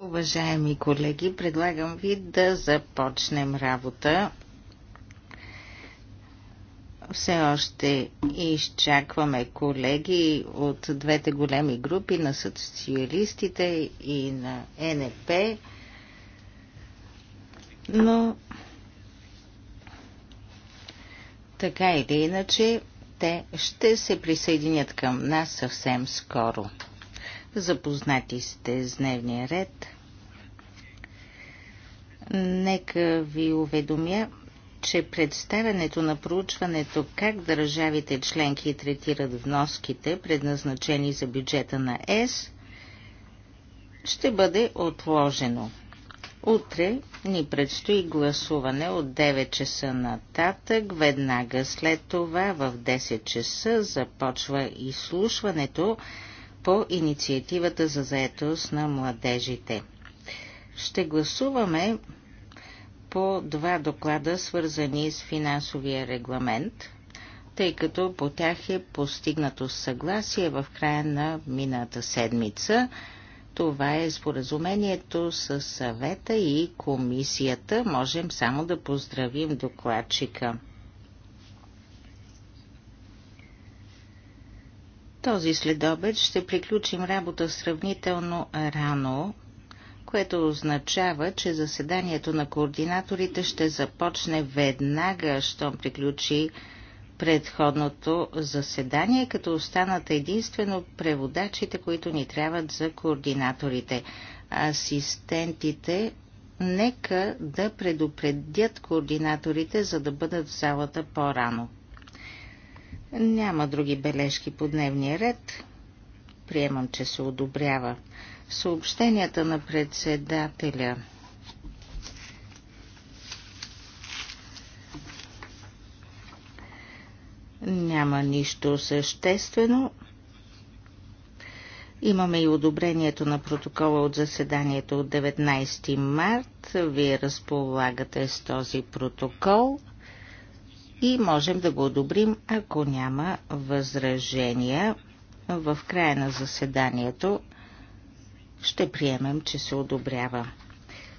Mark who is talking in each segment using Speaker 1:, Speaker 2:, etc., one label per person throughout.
Speaker 1: Уважаеми колеги, предлагам ви да започнем работа. Все още изчакваме колеги от двете големи групи на социалистите и на НП, но така или иначе те ще се присъединят към нас съвсем скоро. Запознати сте с дневния ред. Нека ви уведомя, че представянето на проучването как държавите членки третират вноските, предназначени за бюджета на ЕС, ще бъде отложено. Утре ни предстои гласуване от 9 часа нататък. Веднага след това в 10 часа започва изслушването по инициативата за заетост на младежите. Ще гласуваме по два доклада, свързани с финансовия регламент, тъй като по тях е постигнато съгласие в края на мината седмица. Това е споразумението с съвета и комисията. Можем само да поздравим докладчика. Този следобед ще приключим работа сравнително рано, което означава, че заседанието на координаторите ще започне веднага, щом приключи предходното заседание, като останат единствено преводачите, които ни трябват за координаторите. Асистентите нека да предупредят координаторите, за да бъдат в залата по-рано. Няма други бележки по дневния ред. Приемам, че се одобрява. Съобщенията на председателя Няма нищо съществено. Имаме и одобрението на протокола от заседанието от 19 март. Вие разполагате с този протокол и можем да го одобрим, ако няма възражения. В края на заседанието ще приемем, че се одобрява.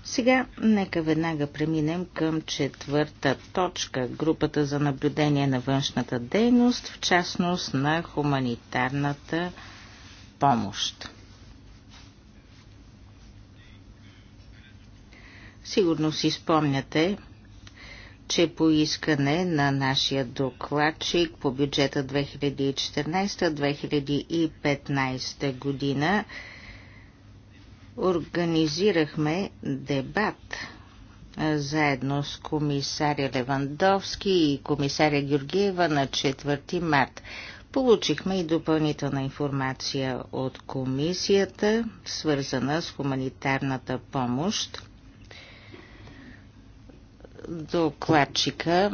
Speaker 1: Сега нека веднага преминем към четвърта точка – групата за наблюдение на външната дейност, в частност на хуманитарната помощ. Сигурно си спомняте, че по искане на нашия докладчик по бюджета 2014-2015 година – организирахме дебат заедно с комисаря Левандовски и комисаря Георгиева на 4 март. Получихме и допълнителна информация от комисията, свързана с хуманитарната помощ. Докладчика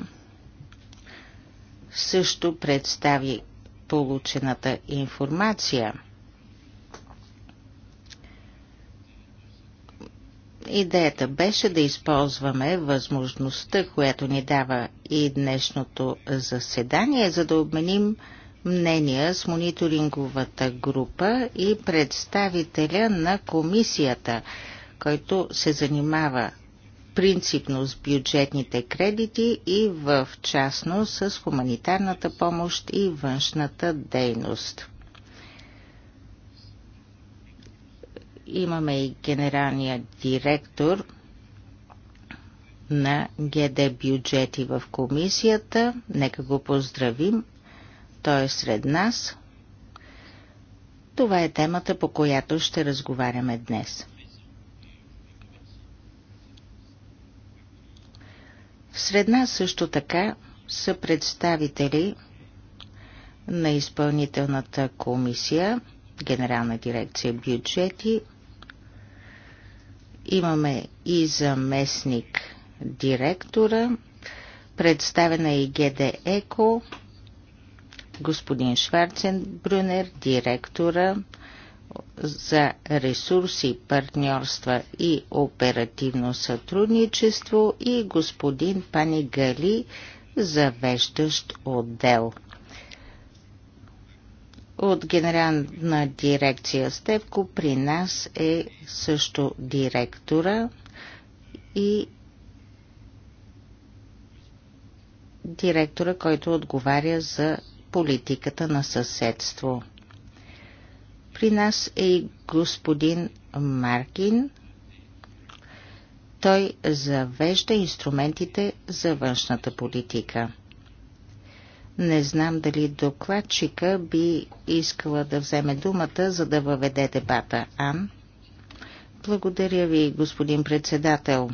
Speaker 1: също представи получената информация – Идеята беше да използваме възможността, която ни дава и днешното заседание, за да обменим мнения с мониторинговата група и представителя на комисията, който се занимава принципно с бюджетните кредити и в частност с хуманитарната помощ и външната дейност. Имаме и генералния директор на ГД бюджети в комисията. Нека го поздравим. Той е сред нас. Това е темата, по която ще разговаряме днес. Сред нас също така са представители на изпълнителната комисия, Генерална дирекция бюджети – Имаме и заместник директора, представена е и ГД ЕКО, господин Шварцен Брюнер, директора за ресурси, партньорства и оперативно сътрудничество и господин Пани Гали, завеждащ отдел – от генерална дирекция Стевко при нас е също директора и директора, който отговаря за политиката на съседство. При нас е и господин Маркин. Той завежда инструментите за външната политика. Не знам дали докладчика би искала да вземе думата, за да въведе дебата. Ан? Благодаря ви, господин председател.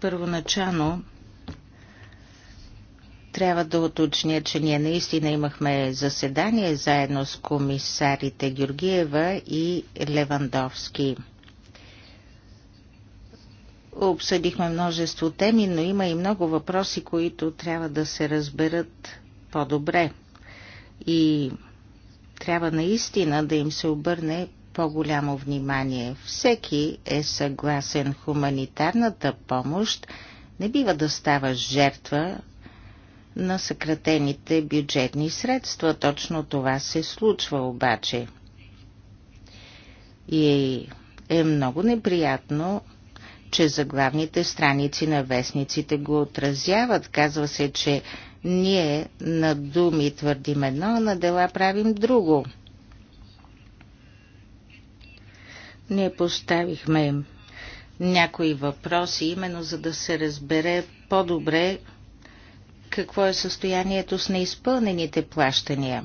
Speaker 1: Първоначално трябва да уточня, че ние наистина имахме заседание заедно с комисарите Георгиева и Левандовски. Обсъдихме множество теми, но има и много въпроси, които трябва да се разберат по-добре. И трябва наистина да им се обърне по-голямо внимание. Всеки е съгласен. Хуманитарната помощ не бива да става жертва на съкратените бюджетни средства. Точно това се случва обаче. И е много неприятно че заглавните страници на вестниците го отразяват. Казва се, че ние на думи твърдим едно, а на дела правим друго. Ние поставихме някои въпроси, именно за да се разбере по-добре какво е състоянието с неизпълнените плащания.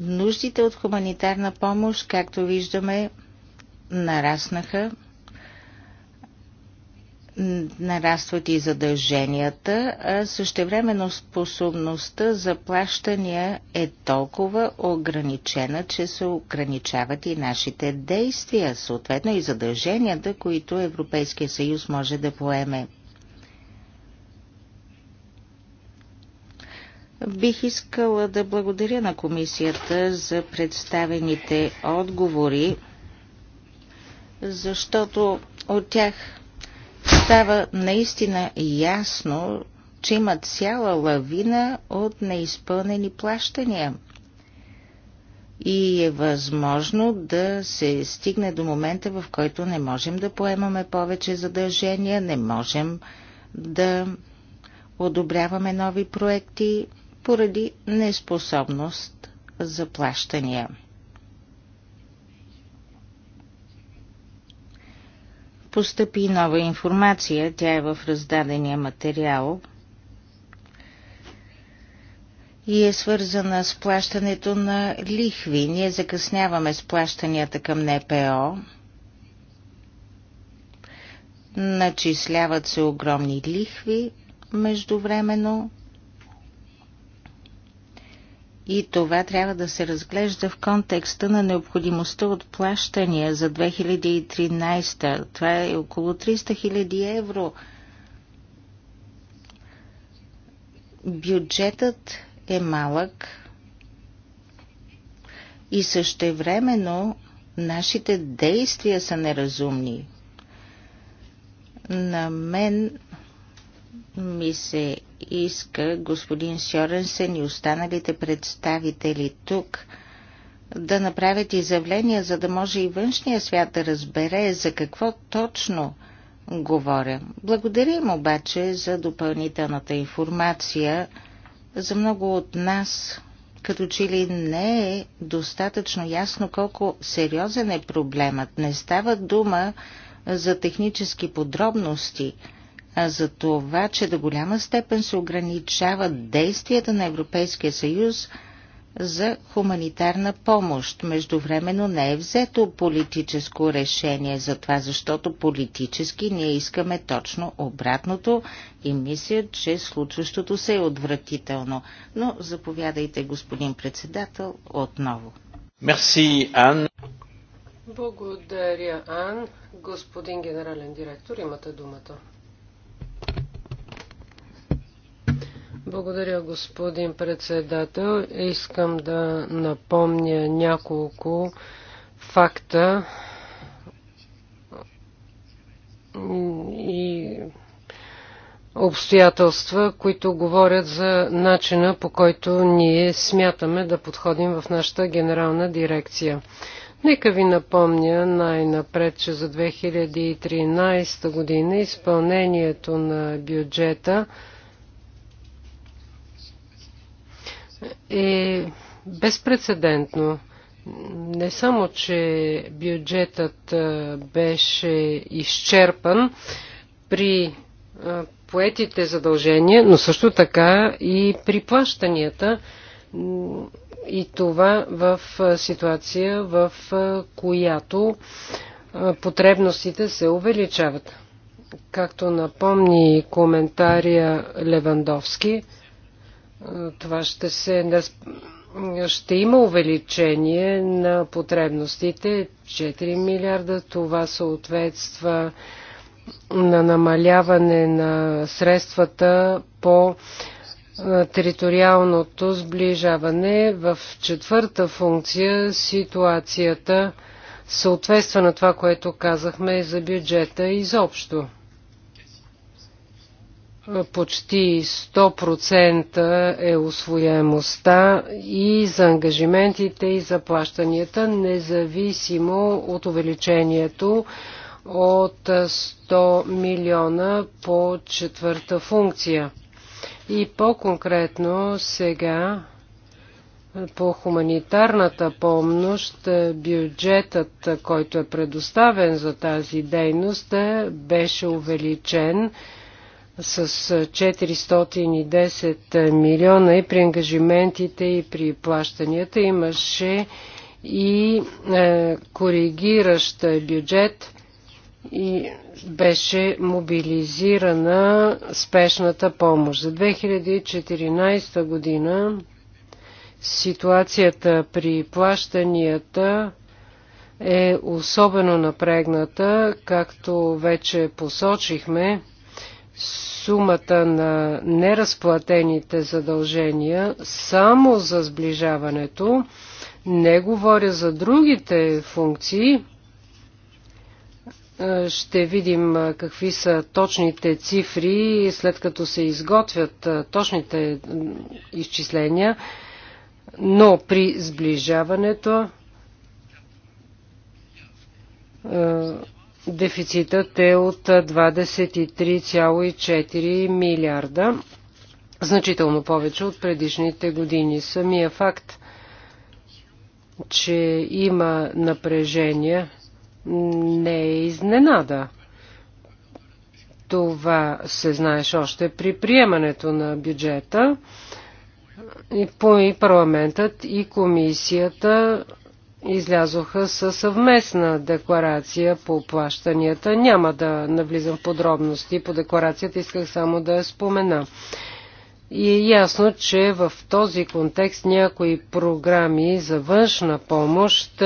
Speaker 1: Нуждите от хуманитарна помощ, както виждаме, нараснаха нарастват и задълженията, а същевременно способността за плащания е толкова ограничена, че се ограничават и нашите действия, съответно и задълженията, които Европейския съюз може да поеме. Бих искала да благодаря на комисията за представените отговори, защото от тях става наистина ясно, че има цяла лавина от неизпълнени плащания. И е възможно да се стигне до момента, в който не можем да поемаме повече задължения, не можем да одобряваме нови проекти поради неспособност за плащания. постъпи нова информация. Тя е в раздадения материал и е свързана с плащането на лихви. Ние закъсняваме с плащанията към НПО. Начисляват се огромни лихви междувременно и това трябва да се разглежда в контекста на необходимостта от плащания за 2013. Това е около 300 000 евро. Бюджетът е малък и същевременно нашите действия са неразумни. На мен ми се иска господин Сьоренсен и останалите представители тук да направят изявления, за да може и външния свят да разбере за какво точно говоря. Благодарим обаче за допълнителната информация. За много от нас като че ли не е достатъчно ясно колко сериозен е проблемът. Не става дума за технически подробности – за това, че до голяма степен се ограничават действията на Европейския съюз за хуманитарна помощ. Междувременно не е взето политическо решение за това, защото политически ние искаме точно обратното и мисля, че случващото се е отвратително. Но заповядайте, господин председател, отново. Мерси, Ан.
Speaker 2: Благодаря, Ан. Господин генерален директор, имате думата. Благодаря, господин председател. Искам да напомня няколко факта и обстоятелства, които говорят за начина по който ние смятаме да подходим в нашата генерална дирекция. Нека ви напомня най-напред, че за 2013 година изпълнението на бюджета е безпредседентно. Не само, че бюджетът беше изчерпан при поетите задължения, но също така и при плащанията и това в ситуация, в която потребностите се увеличават. Както напомни коментария Левандовски, това ще се ще има увеличение на потребностите. 4 милиарда това съответства на намаляване на средствата по териториалното сближаване. В четвърта функция ситуацията съответства на това, което казахме за бюджета изобщо почти 100% е освояемостта и за ангажиментите и за плащанията, независимо от увеличението от 100 милиона по четвърта функция. И по-конкретно сега по хуманитарната помощ бюджетът, който е предоставен за тази дейност, беше увеличен с 410 милиона и при ангажиментите и при плащанията имаше и е, коригиращ бюджет и беше мобилизирана спешната помощ. За 2014 година ситуацията при плащанията е особено напрегната, както вече посочихме сумата на неразплатените задължения само за сближаването, не говоря за другите функции. Е, ще видим е, какви са точните цифри, след като се изготвят е, точните изчисления, но при сближаването Дефицитът е от 23,4 милиарда, значително повече от предишните години. Самия факт, че има напрежение, не е изненада. Това се знаеш още при приемането на бюджета. И парламентът и комисията излязоха със съвместна декларация по плащанията. Няма да навлизам в подробности по декларацията, исках само да я спомена. И е ясно, че в този контекст някои програми за външна помощ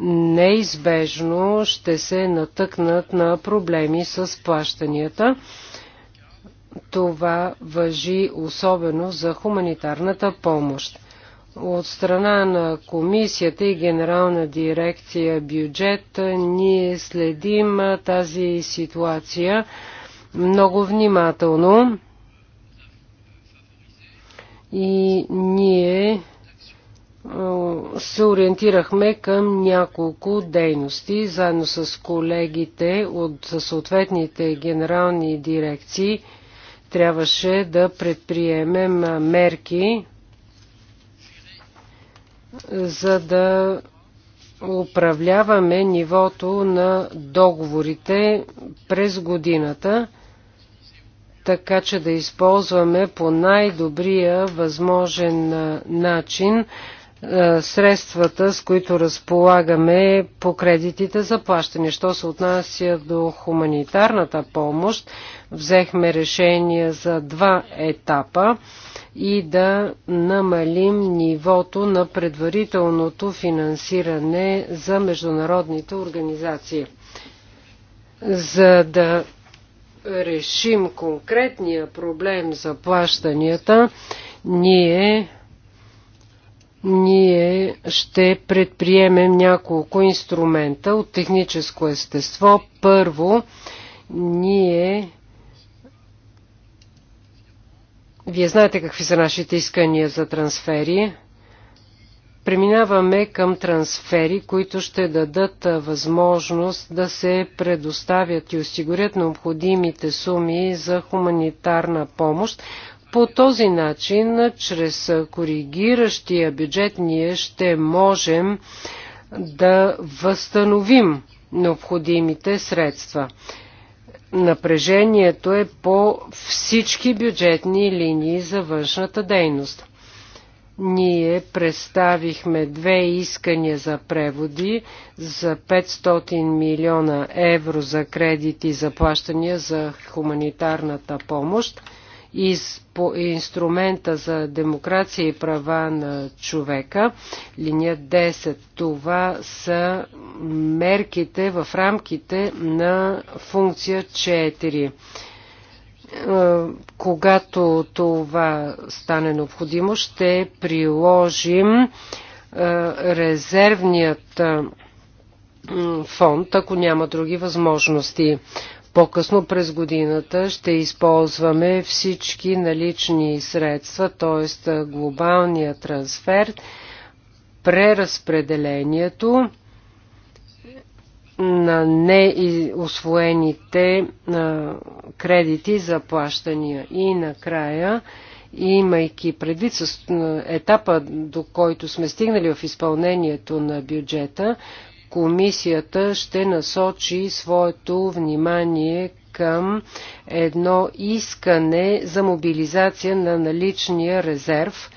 Speaker 2: неизбежно ще се натъкнат на проблеми с плащанията. Това въжи особено за хуманитарната помощ. От страна на комисията и генерална дирекция бюджет ние следим тази ситуация много внимателно и ние се ориентирахме към няколко дейности, заедно с колегите от съответните генерални дирекции. Трябваше да предприемем мерки за да управляваме нивото на договорите през годината, така че да използваме по най-добрия възможен начин е, средствата, с които разполагаме по кредитите за плащане. Що се отнася до хуманитарната помощ, взехме решение за два етапа и да намалим нивото на предварителното финансиране за международните организации. За да решим конкретния проблем за плащанията, ние ние ще предприемем няколко инструмента от техническо естество. Първо, ние вие знаете какви са нашите искания за трансфери. Преминаваме към трансфери, които ще дадат възможност да се предоставят и осигурят необходимите суми за хуманитарна помощ, по този начин, чрез коригиращия бюджет, ние ще можем да възстановим необходимите средства. Напрежението е по всички бюджетни линии за външната дейност. Ние представихме две искания за преводи за 500 милиона евро за кредити и заплащания за хуманитарната помощ по инструмента за демокрация и права на човека, линия 10. Това са мерките в рамките на функция 4 е, когато това стане необходимо, ще приложим е, резервният фонд, ако няма други възможности. По-късно през годината ще използваме всички налични средства, т.е. глобалния трансфер, преразпределението на неосвоените кредити за плащания. И накрая, имайки предвид с етапа, до който сме стигнали в изпълнението на бюджета, комисията ще насочи своето внимание към едно искане за мобилизация на наличния резерв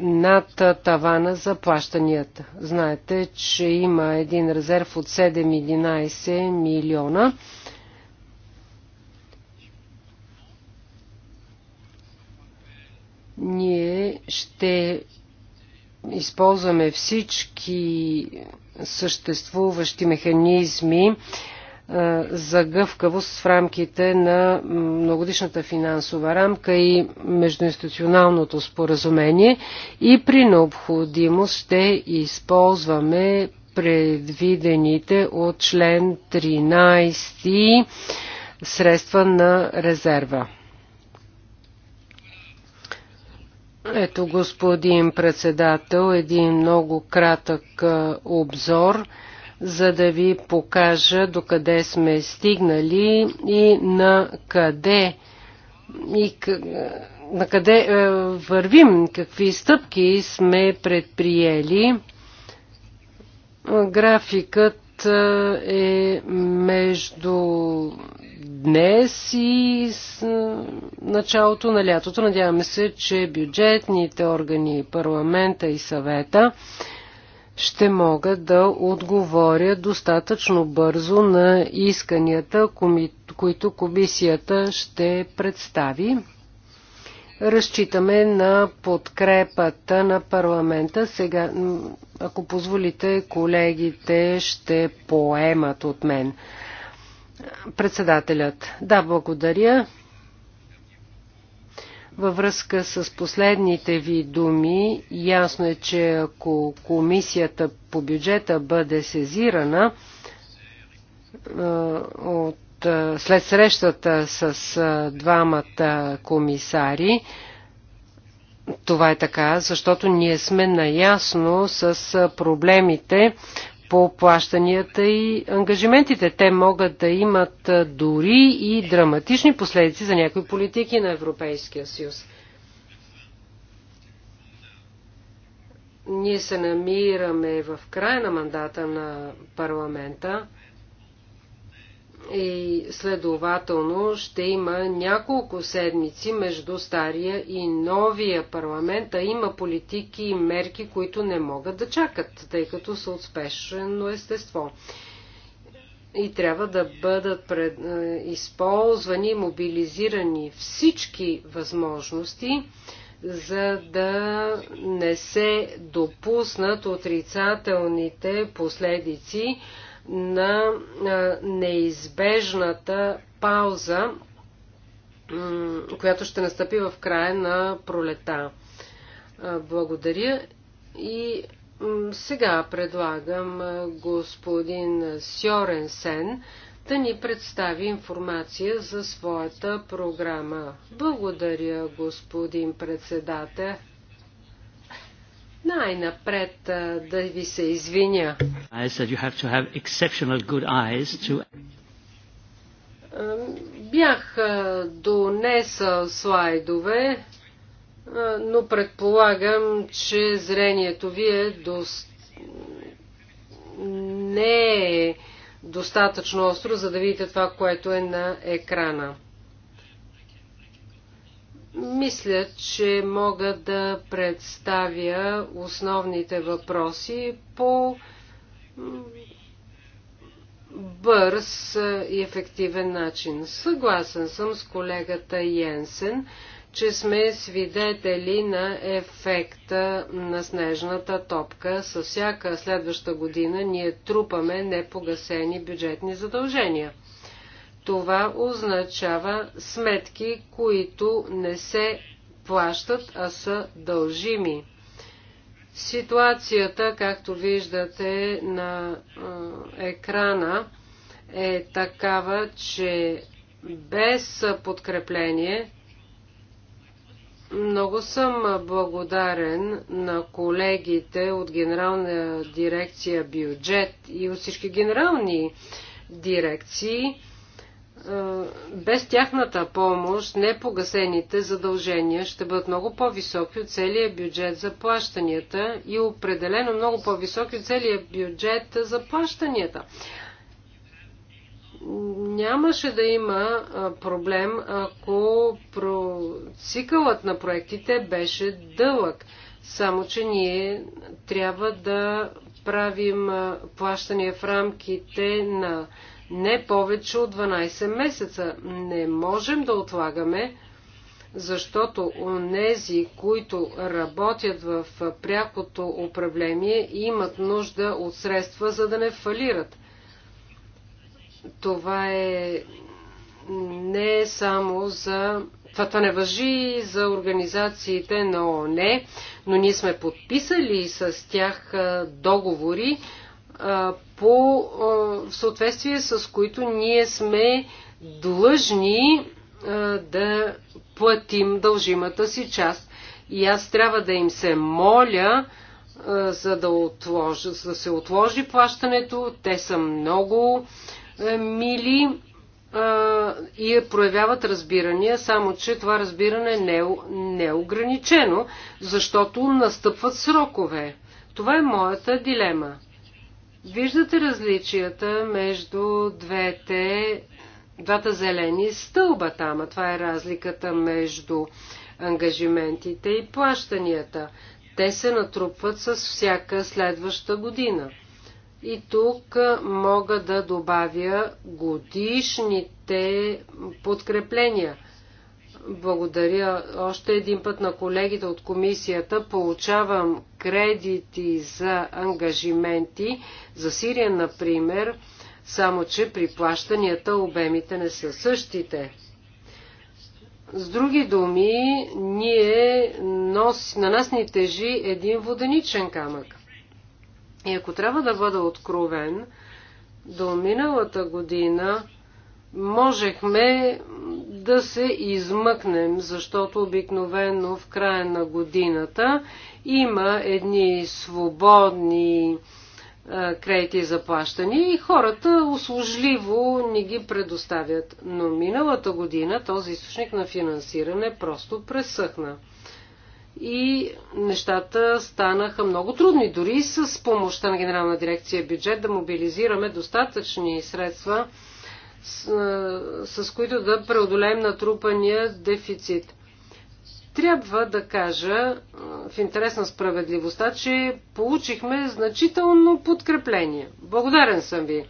Speaker 2: над тавана за плащанията. Знаете, че има един резерв от 7-11 милиона. Ние ще използваме всички съществуващи механизми за гъвкавост в рамките на многодишната финансова рамка и междуинституционалното споразумение и при необходимост ще използваме предвидените от член 13 средства на резерва. Ето, господин председател, един много кратък обзор, за да ви покажа докъде сме стигнали и на къде и на къде вървим, какви стъпки сме предприели. Графикът е между днес и с началото на лятото. Надяваме се, че бюджетните органи, парламента и съвета ще могат да отговорят достатъчно бързо на исканията, които комисията ще представи. Разчитаме на подкрепата на парламента. Сега, ако позволите, колегите ще поемат от мен Председателят. Да, благодаря. Във връзка с последните ви думи, ясно е, че ако комисията по бюджета бъде сезирана от, след срещата с двамата комисари, това е така, защото ние сме наясно с проблемите по плащанията и ангажиментите. Те могат да имат дори и драматични последици за някои политики на Европейския съюз. Ние се намираме в края на мандата на парламента и следователно ще има няколко седмици между стария и новия парламент, а има политики и мерки, които не могат да чакат, тъй като са от естество. И трябва да бъдат пред, е, използвани, мобилизирани всички възможности, за да не се допуснат отрицателните последици на неизбежната пауза, която ще настъпи в края на пролета. Благодаря и сега предлагам господин Сьорен Сен да ни представи информация за своята програма. Благодаря, господин председател. Най-напред да ви се извиня.
Speaker 1: Have have to...
Speaker 2: Бях донесъл слайдове, но предполагам, че зрението ви е дост... не е достатъчно остро, за да видите това, което е на екрана. Мисля, че мога да представя основните въпроси по бърз и ефективен начин. Съгласен съм с колегата Йенсен, че сме свидетели на ефекта на снежната топка. Със всяка следваща година ние трупаме непогасени бюджетни задължения – това означава сметки, които не се плащат, а са дължими. Ситуацията, както виждате на екрана, е такава, че без подкрепление много съм благодарен на колегите от Генерална дирекция бюджет и от всички генерални дирекции, е, без тяхната помощ непогасените задължения ще бъдат много по-високи от целия бюджет за плащанията и определено много по-високи от целия бюджет за плащанията. Нямаше да има проблем, ако цикълът на проектите беше дълъг. Само, че ние трябва да правим плащания в рамките на не повече от 12 месеца. Не можем да отлагаме, защото онези, които работят в прякото управление, имат нужда от средства, за да не фалират. Това е не само за това, това не въжи за организациите на ООН, но ние сме подписали с тях договори по, в съответствие с които ние сме длъжни да платим дължимата си част. И аз трябва да им се моля, за да, отложи, за да се отложи плащането. Те са много мили и проявяват разбирания, само че това разбиране не е, неограничено, е защото настъпват срокове. Това е моята дилема. Виждате различията между двете, двата зелени стълба там. Това е разликата между ангажиментите и плащанията. Те се натрупват с всяка следваща година. И тук мога да добавя годишните подкрепления – благодаря още един път на колегите от комисията. Получавам кредити за ангажименти за Сирия, например, само че при плащанията обемите не са същите. С други думи, ние нос, на нас ни тежи един воденичен камък. И ако трябва да бъда откровен, до миналата година можехме да се измъкнем, защото обикновено в края на годината има едни свободни кредити за плащане и хората услужливо ни ги предоставят. Но миналата година този източник на финансиране просто пресъхна. И нещата станаха много трудни. Дори с помощта на Генерална дирекция бюджет да мобилизираме достатъчни средства с, с които да преодолеем натрупания дефицит. Трябва да кажа в интерес на справедливостта, че получихме значително подкрепление. Благодарен съм ви.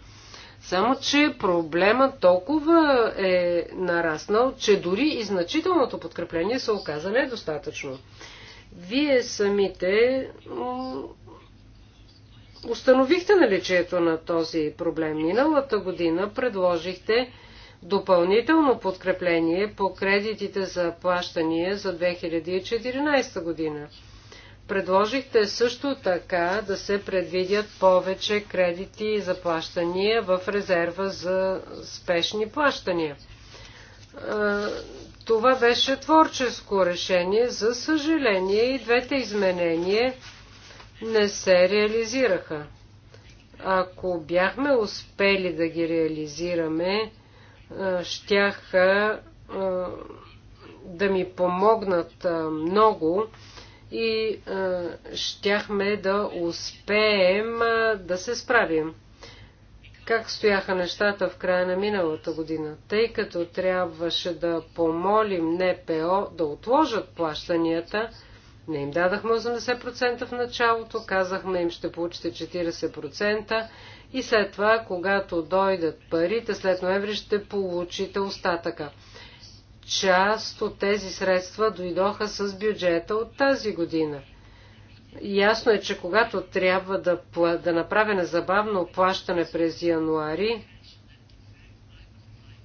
Speaker 2: Само, че проблема толкова е нараснал, че дори и значителното подкрепление се оказа недостатъчно. Вие самите установихте наличието на този проблем. Миналата година предложихте допълнително подкрепление по кредитите за плащания за 2014 година. Предложихте също така да се предвидят повече кредити и заплащания в резерва за спешни плащания. Това беше творческо решение. За съжаление и двете изменения не се реализираха. Ако бяхме успели да ги реализираме, щяха да ми помогнат много и щяхме да успеем да се справим. Как стояха нещата в края на миналата година? Тъй като трябваше да помолим НПО да отложат плащанията, не им дадахме 80% в началото, казахме им ще получите 40% и след това, когато дойдат парите, след ноември ще получите остатъка. Част от тези средства дойдоха с бюджета от тази година. Ясно е, че когато трябва да, да направя незабавно плащане през януари,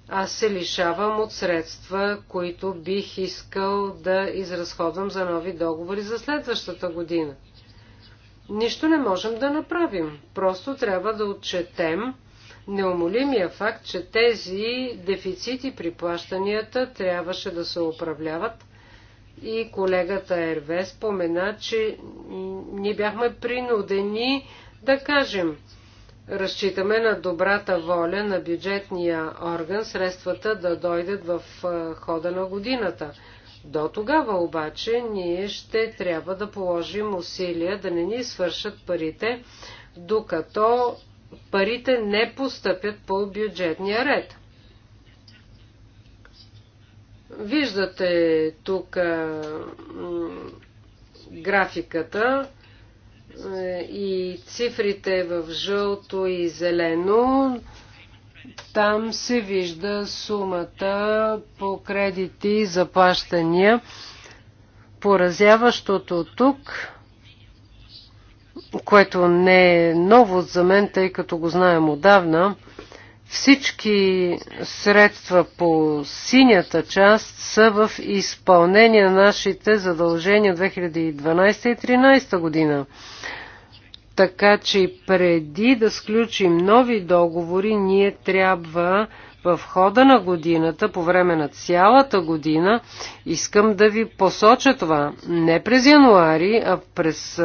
Speaker 2: аз се лишавам от средства, които бих искал да изразходвам за нови договори за следващата година. Нищо не можем да направим. Просто трябва да отчетем неумолимия факт, че тези дефицити при плащанията трябваше да се управляват и колегата Ерве спомена, че ние бяхме принудени да кажем – разчитаме на добрата воля на бюджетния орган средствата да дойдат в хода на годината. До тогава обаче ние ще трябва да положим усилия да не ни свършат парите, докато парите не постъпят по бюджетния ред. Виждате тук графиката е, и цифрите в жълто и зелено, там се вижда сумата по кредити и заплащания. Поразяващото тук, което не е ново за мен, тъй като го знаем отдавна, всички средства по синята част са в изпълнение на нашите задължения 2012 и 2013 година. Така че преди да сключим нови договори, ние трябва в хода на годината, по време на цялата година, искам да ви посоча това. Не през януари, а през,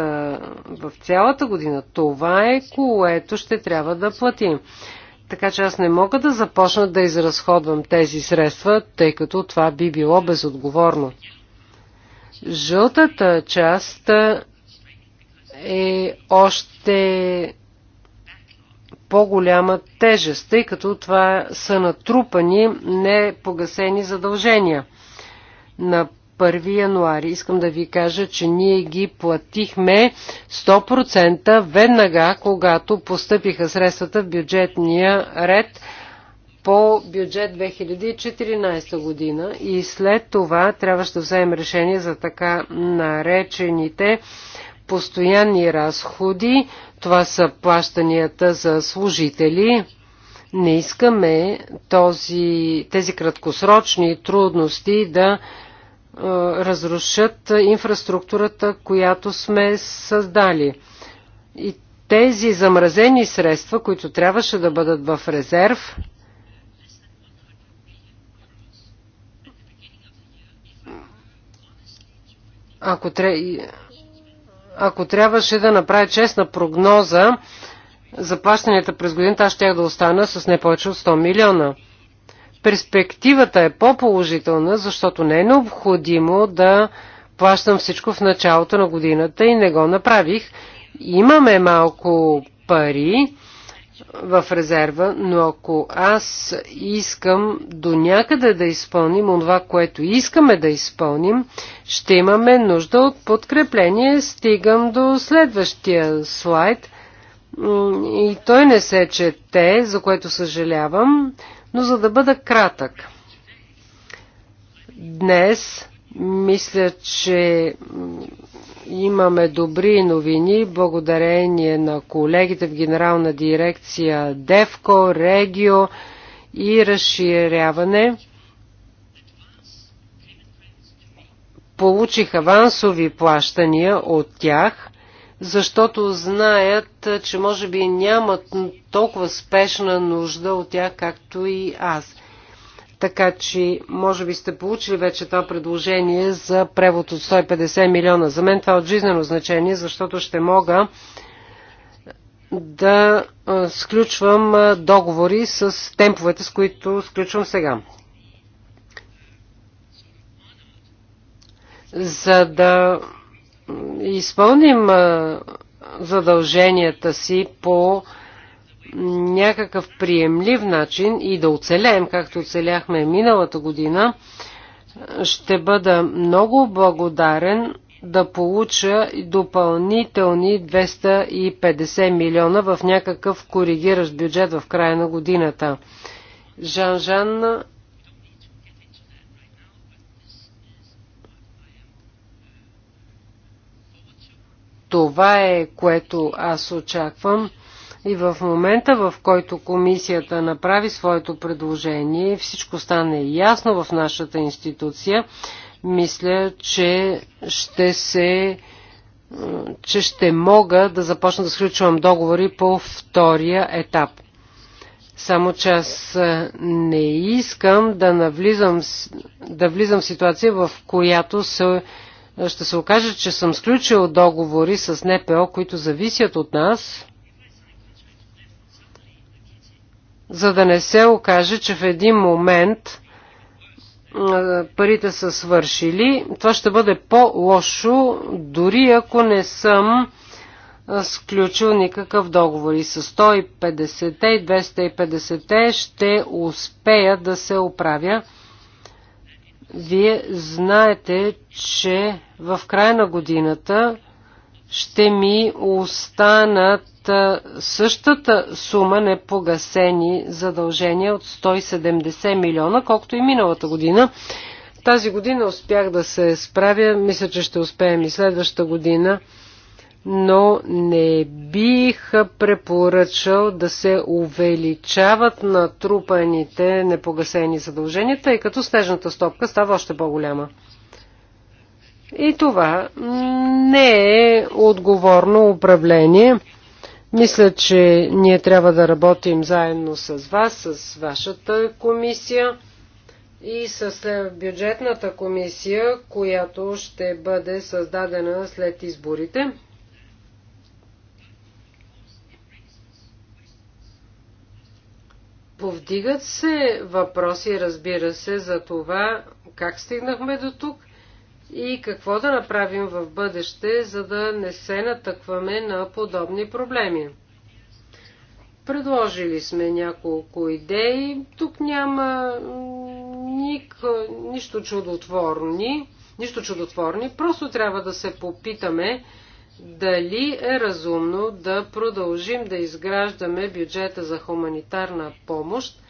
Speaker 2: в цялата година. Това е което ще трябва да платим. Така че аз не мога да започна да изразходвам тези средства, тъй като това би било безотговорно. Жълтата част е още по-голяма тежест, тъй като това са натрупани непогасени задължения. На 1 януари. Искам да ви кажа, че ние ги платихме 100% веднага, когато постъпиха средствата в бюджетния ред по бюджет 2014 година и след това трябваше да вземем решение за така наречените постоянни разходи. Това са плащанията за служители. Не искаме този, тези краткосрочни трудности да е, разрушат инфраструктурата, която сме създали. И тези замразени средства, които трябваше да бъдат в резерв, ако, тря... ако трябваше да направя честна прогноза заплащанията през годината, аз ще да остана с не повече от 100 милиона перспективата е по-положителна, защото не е необходимо да плащам всичко в началото на годината и не го направих. Имаме малко пари в резерва, но ако аз искам до някъде да изпълним това, което искаме да изпълним, ще имаме нужда от подкрепление. Стигам до следващия слайд и той не се чете, за което съжалявам. Но за да бъда кратък, днес мисля, че имаме добри новини благодарение на колегите в Генерална дирекция ДЕВКО, Регио и разширяване. Получих авансови плащания от тях защото знаят, че може би нямат толкова спешна нужда от тях, както и аз. Така че, може би сте получили вече това предложение за превод от 150 милиона. За мен това е от жизнено значение, защото ще мога да сключвам договори с темповете, с които сключвам сега. За да изпълним задълженията си по някакъв приемлив начин и да оцелеем, както оцеляхме миналата година, ще бъда много благодарен да получа допълнителни 250 милиона в някакъв коригиращ бюджет в края на годината. Жан-Жан Това е което аз очаквам. И в момента, в който комисията направи своето предложение, всичко стане ясно в нашата институция, мисля, че ще се че ще мога да започна да сключвам договори по втория етап. Само че аз не искам да, навлизам, да влизам в ситуация, в която се ще се окаже, че съм сключил договори с НПО, които зависят от нас, за да не се окаже, че в един момент парите са свършили. Това ще бъде по-лошо, дори ако не съм сключил никакъв договор. И с 150 и 250 ще успея да се оправя. Вие знаете, че в края на годината ще ми останат същата сума непогасени задължения от 170 милиона, колкото и миналата година. Тази година успях да се справя, мисля, че ще успеем и следващата година, но не бих препоръчал да се увеличават натрупаните непогасени задължения, тъй като снежната стопка става още по-голяма. И това не е отговорно управление. Мисля, че ние трябва да работим заедно с вас, с вашата комисия и с бюджетната комисия, която ще бъде създадена след изборите. Повдигат се въпроси, разбира се, за това как стигнахме до тук и какво да направим в бъдеще, за да не се натъкваме на подобни проблеми. Предложили сме няколко идеи. Тук няма ник, нищо чудотворни, нищо чудотворни. Просто трябва да се попитаме дали е разумно да продължим да изграждаме бюджета за хуманитарна помощ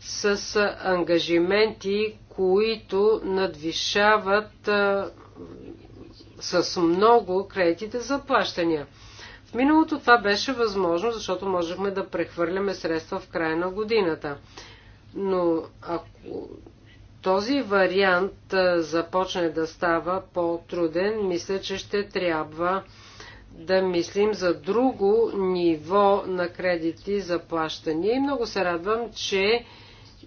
Speaker 2: с ангажименти, които надвишават а, с много кредитите за плащания. В миналото това беше възможно, защото можехме да прехвърляме средства в края на годината. Но ако този вариант започне да става по-труден, мисля, че ще трябва да мислим за друго ниво на кредити за плащания. И много се радвам, че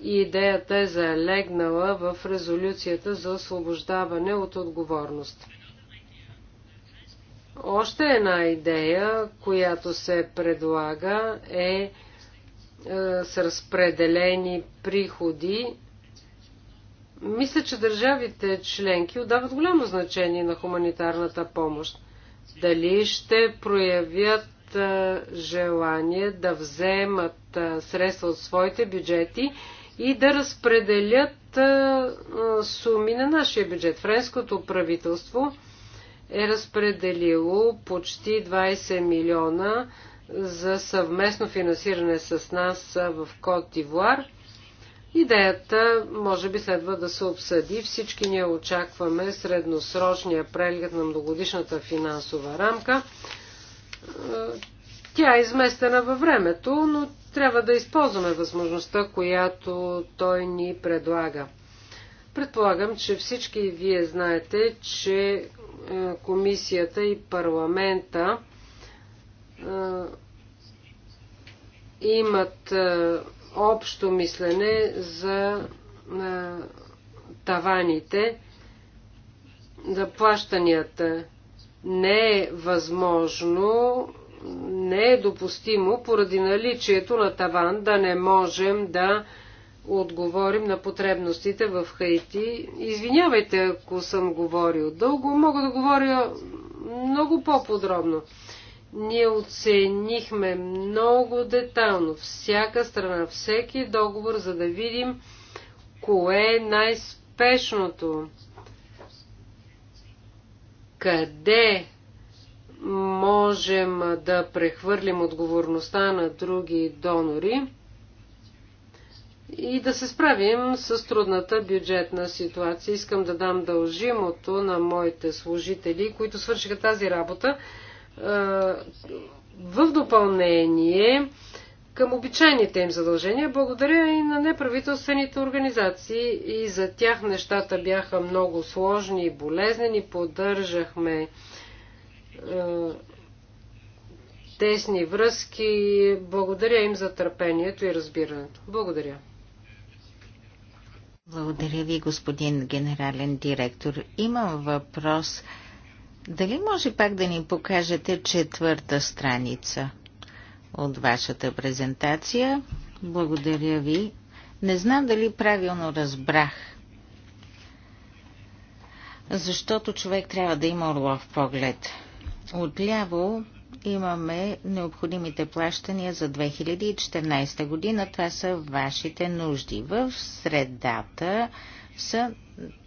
Speaker 2: и идеята е залегнала в резолюцията за освобождаване от отговорност. Още една идея, която се предлага е, е, с разпределени приходи. Мисля, че държавите членки отдават голямо значение на хуманитарната помощ. Дали ще проявят е, желание да вземат е, средства от своите бюджети и да разпределят суми на нашия бюджет. Френското правителство е разпределило почти 20 милиона за съвместно финансиране с нас в Кот Дивуар. Идеята може би следва да се обсъди. Всички ние очакваме средносрочния преглед на многогодишната финансова рамка. Тя е изместена във времето, но трябва да използваме възможността, която той ни предлага. Предполагам, че всички вие знаете, че е, комисията и парламента е, имат е, общо мислене за таваните, за плащанията. Не е възможно не е допустимо поради наличието на таван да не можем да отговорим на потребностите в Хаити. Извинявайте, ако съм говорил дълго, мога да говоря много по-подробно. Ние оценихме много детално всяка страна, всеки договор, за да видим кое е най-спешното къде можем да прехвърлим отговорността на други донори и да се справим с трудната бюджетна ситуация. Искам да дам дължимото на моите служители, които свършиха тази работа. В допълнение към обичайните им задължения, благодаря и на неправителствените организации и за тях нещата бяха много сложни и болезнени. Поддържахме е, тесни връзки. Благодаря им за търпението и разбирането. Благодаря.
Speaker 1: Благодаря ви, господин генерален директор. Имам въпрос. Дали може пак да ни покажете четвърта страница от вашата презентация? Благодаря ви. Не знам дали правилно разбрах. Защото човек трябва да има орлов поглед. Отляво имаме необходимите плащания за 2014 година. Това са вашите нужди. В средата са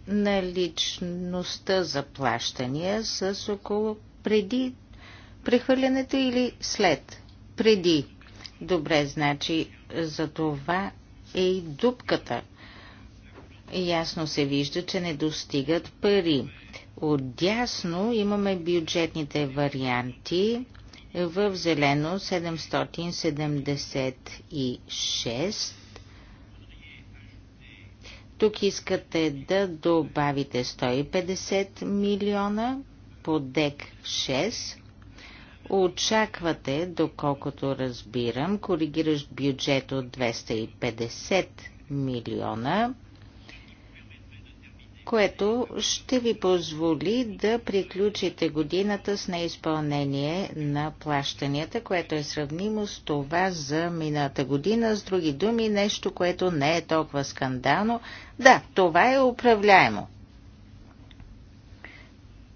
Speaker 1: наличността за плащания с около преди прехвърлянето или след. Преди. Добре, значи за това е и дупката. Ясно се вижда, че не достигат пари. Отдясно имаме бюджетните варианти в зелено 776. Тук искате да добавите 150 милиона по ДЕК 6. Очаквате, доколкото разбирам, коригираш бюджет от 250 милиона което ще ви позволи да приключите годината с неизпълнение на плащанията, което е сравнимо с това за мината година. С други думи, нещо, което не е толкова скандално. Да, това е управляемо.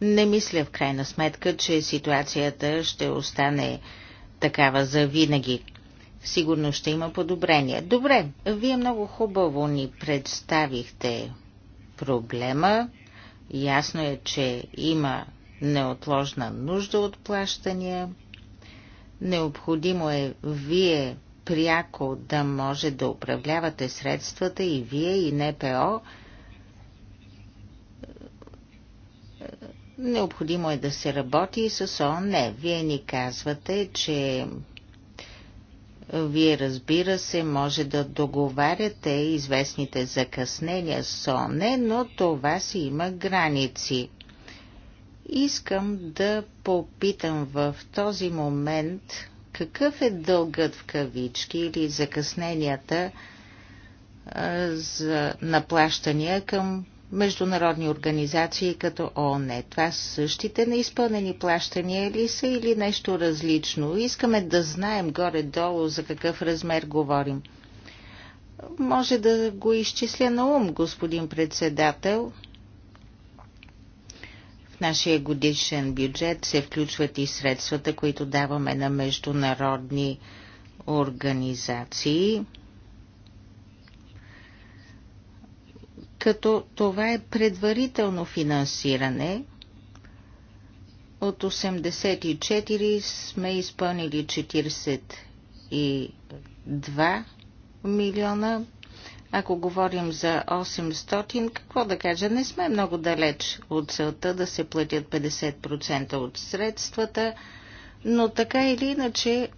Speaker 1: Не мисля в крайна сметка, че ситуацията ще остане такава за винаги. Сигурно ще има подобрение. Добре, вие много хубаво ни представихте проблема. Ясно е, че има неотложна нужда от плащания. Необходимо е вие пряко да може да управлявате средствата и вие и НПО. Необходимо е да се работи и с ООН. Не, вие ни казвате, че вие, разбира се, може да договаряте известните закъснения с ОНЕ, но това си има граници. Искам да попитам в този момент какъв е дългът в кавички или закъсненията а, за наплащания към международни организации като ООН. Това са същите неизпълнени плащания ли са или нещо различно? Искаме да знаем горе-долу за какъв размер говорим. Може да го изчисля на ум, господин председател. В нашия годишен бюджет се включват и средствата, които даваме на международни организации. като това е предварително финансиране. От 84 сме изпълнили 42 милиона. Ако говорим за 800, какво да кажа, не сме много далеч от целта да се платят 50% от средствата, но така или иначе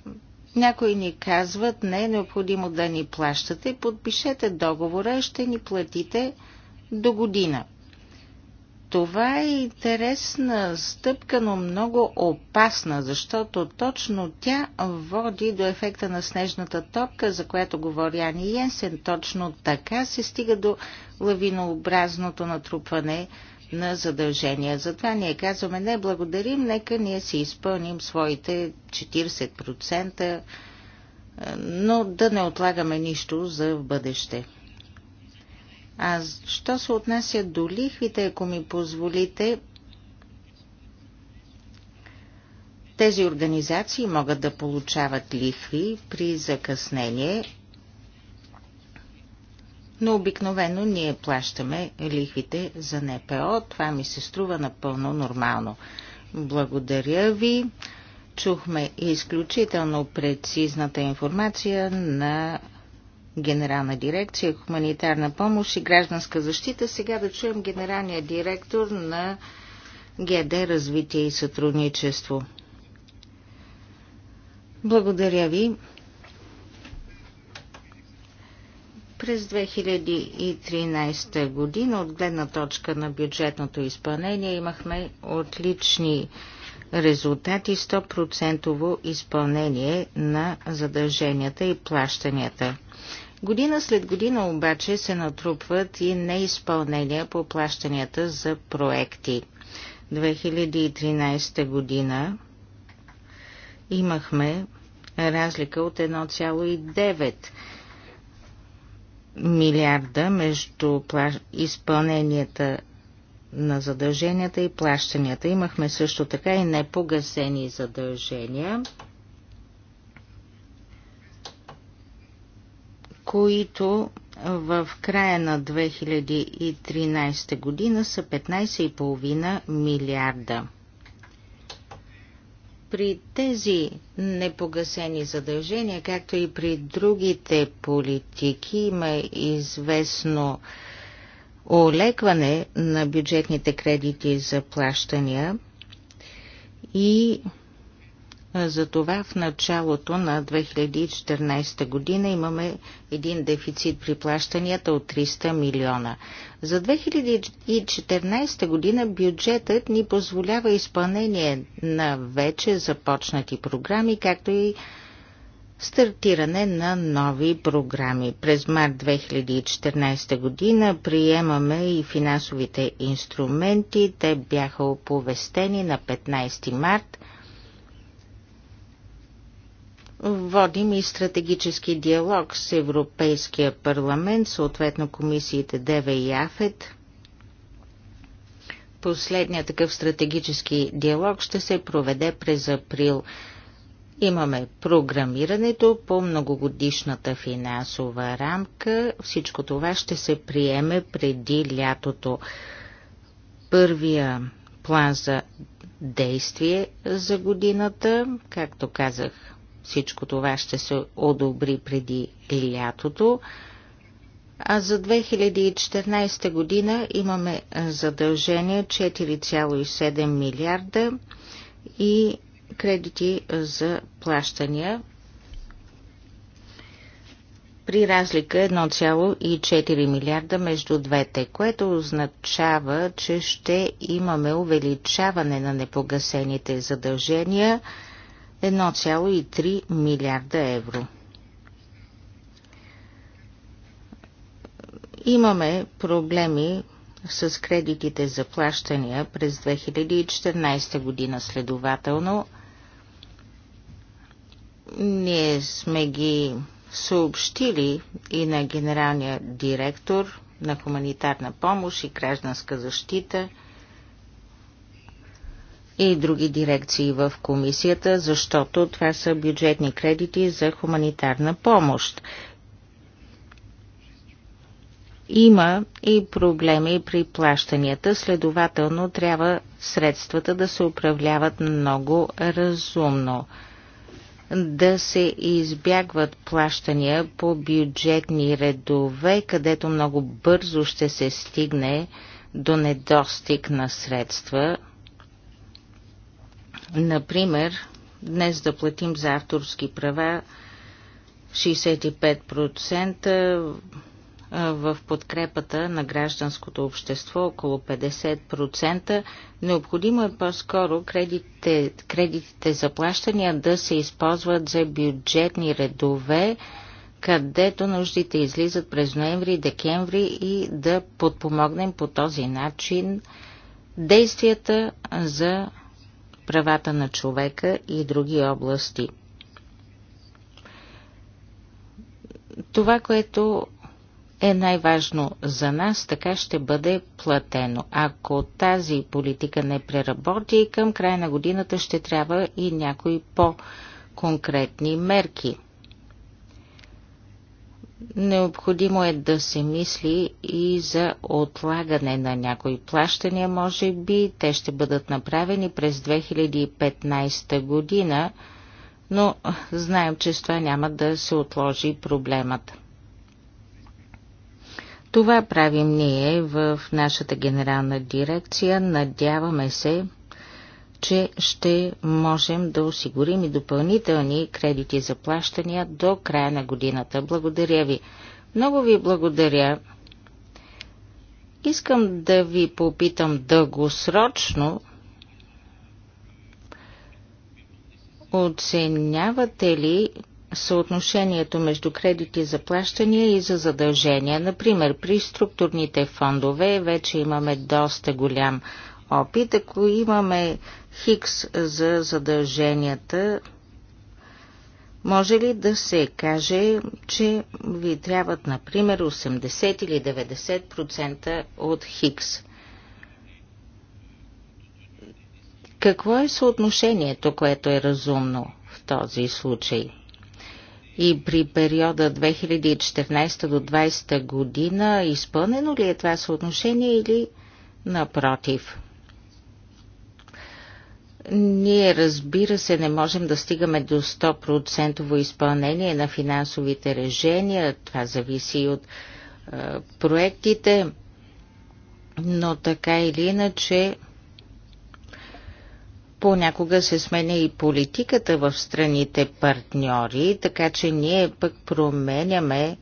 Speaker 1: някои ни казват, не е необходимо да ни плащате, подпишете договора, ще ни платите до година. Това е интересна стъпка, но много опасна, защото точно тя води до ефекта на снежната топка, за която говори Ани Йенсен. Точно така се стига до лавинообразното натрупване на задължения. Затова ние казваме не благодарим, нека ние си изпълним своите 40%, е, но да не отлагаме нищо за в бъдеще. А що се отнася до лихвите, ако ми позволите, тези организации могат да получават лихви при закъснение но обикновено ние плащаме лихвите за НПО. Това ми се струва напълно нормално. Благодаря ви. Чухме изключително прецизната информация на Генерална дирекция Хуманитарна помощ и гражданска защита. Сега да чуем генералния директор на ГД Развитие и сътрудничество. Благодаря ви. През 2013 година от гледна точка на бюджетното изпълнение имахме отлични резултати 100% изпълнение на задълженията и плащанията. Година след година обаче се натрупват и неизпълнения по плащанията за проекти. 2013 година имахме разлика от 1,9 милиарда между изпълненията на задълженията и плащанията. Имахме също така и непогасени задължения, които в края на 2013 година са 15,5 милиарда при тези непогасени задължения, както и при другите политики, има известно олекване на бюджетните кредити за плащания и затова в началото на 2014 година имаме един дефицит при плащанията от 300 милиона. За 2014 година бюджетът ни позволява изпълнение на вече започнати програми, както и стартиране на нови програми. През март 2014 година приемаме и финансовите инструменти. Те бяха оповестени на 15 март Водим и стратегически диалог с Европейския парламент, съответно комисиите ДЕВЕ и АФЕД. Последният такъв стратегически диалог ще се проведе през април. Имаме програмирането по многогодишната финансова рамка. Всичко това ще се приеме преди лятото. Първия план за действие за годината, както казах всичко това ще се одобри преди лятото. А за 2014 година имаме задължения 4,7 милиарда и кредити за плащания при разлика 1,4 милиарда между двете, което означава, че ще имаме увеличаване на непогасените задължения – 1,3 милиарда евро. Имаме проблеми с кредитите за плащания през 2014 година следователно. Ние сме ги съобщили и на генералния директор на хуманитарна помощ и гражданска защита – и други дирекции в комисията, защото това са бюджетни кредити за хуманитарна помощ. Има и проблеми при плащанията, следователно трябва средствата да се управляват много разумно. Да се избягват плащания по бюджетни редове, където много бързо ще се стигне до недостиг на средства Например, днес да платим за авторски права 65% в подкрепата на гражданското общество около 50%. Необходимо е по-скоро кредитите, кредитите за плащания да се използват за бюджетни редове, където нуждите излизат през ноември, декември и да подпомогнем по този начин действията за правата на човека и други области. Това, което е най-важно за нас, така ще бъде платено. Ако тази политика не преработи, към края на годината ще трябва и някои по-конкретни мерки – Необходимо е да се мисли и за отлагане на някои плащания, може би те ще бъдат направени през 2015 година, но знаем, че с това няма да се отложи проблемът. Това правим ние в нашата генерална дирекция. Надяваме се, че ще можем да осигурим и допълнителни кредити за плащания до края на годината. Благодаря ви. Много ви благодаря. Искам да ви попитам дългосрочно. Оценявате ли съотношението между кредити за плащания и за задължения? Например, при структурните фондове вече имаме доста голям опит. Ако имаме Хикс за задълженията. Може ли да се каже, че ви трябват, например, 80 или 90% от Хикс? Какво е съотношението, което е разумно в този случай? И при периода 2014 до 2020 година изпълнено ли е това съотношение или напротив? Ние, разбира се, не можем да стигаме до 100% изпълнение на финансовите решения. Това зависи и от е, проектите, но така или иначе понякога се сменя и политиката в страните партньори, така че ние пък променяме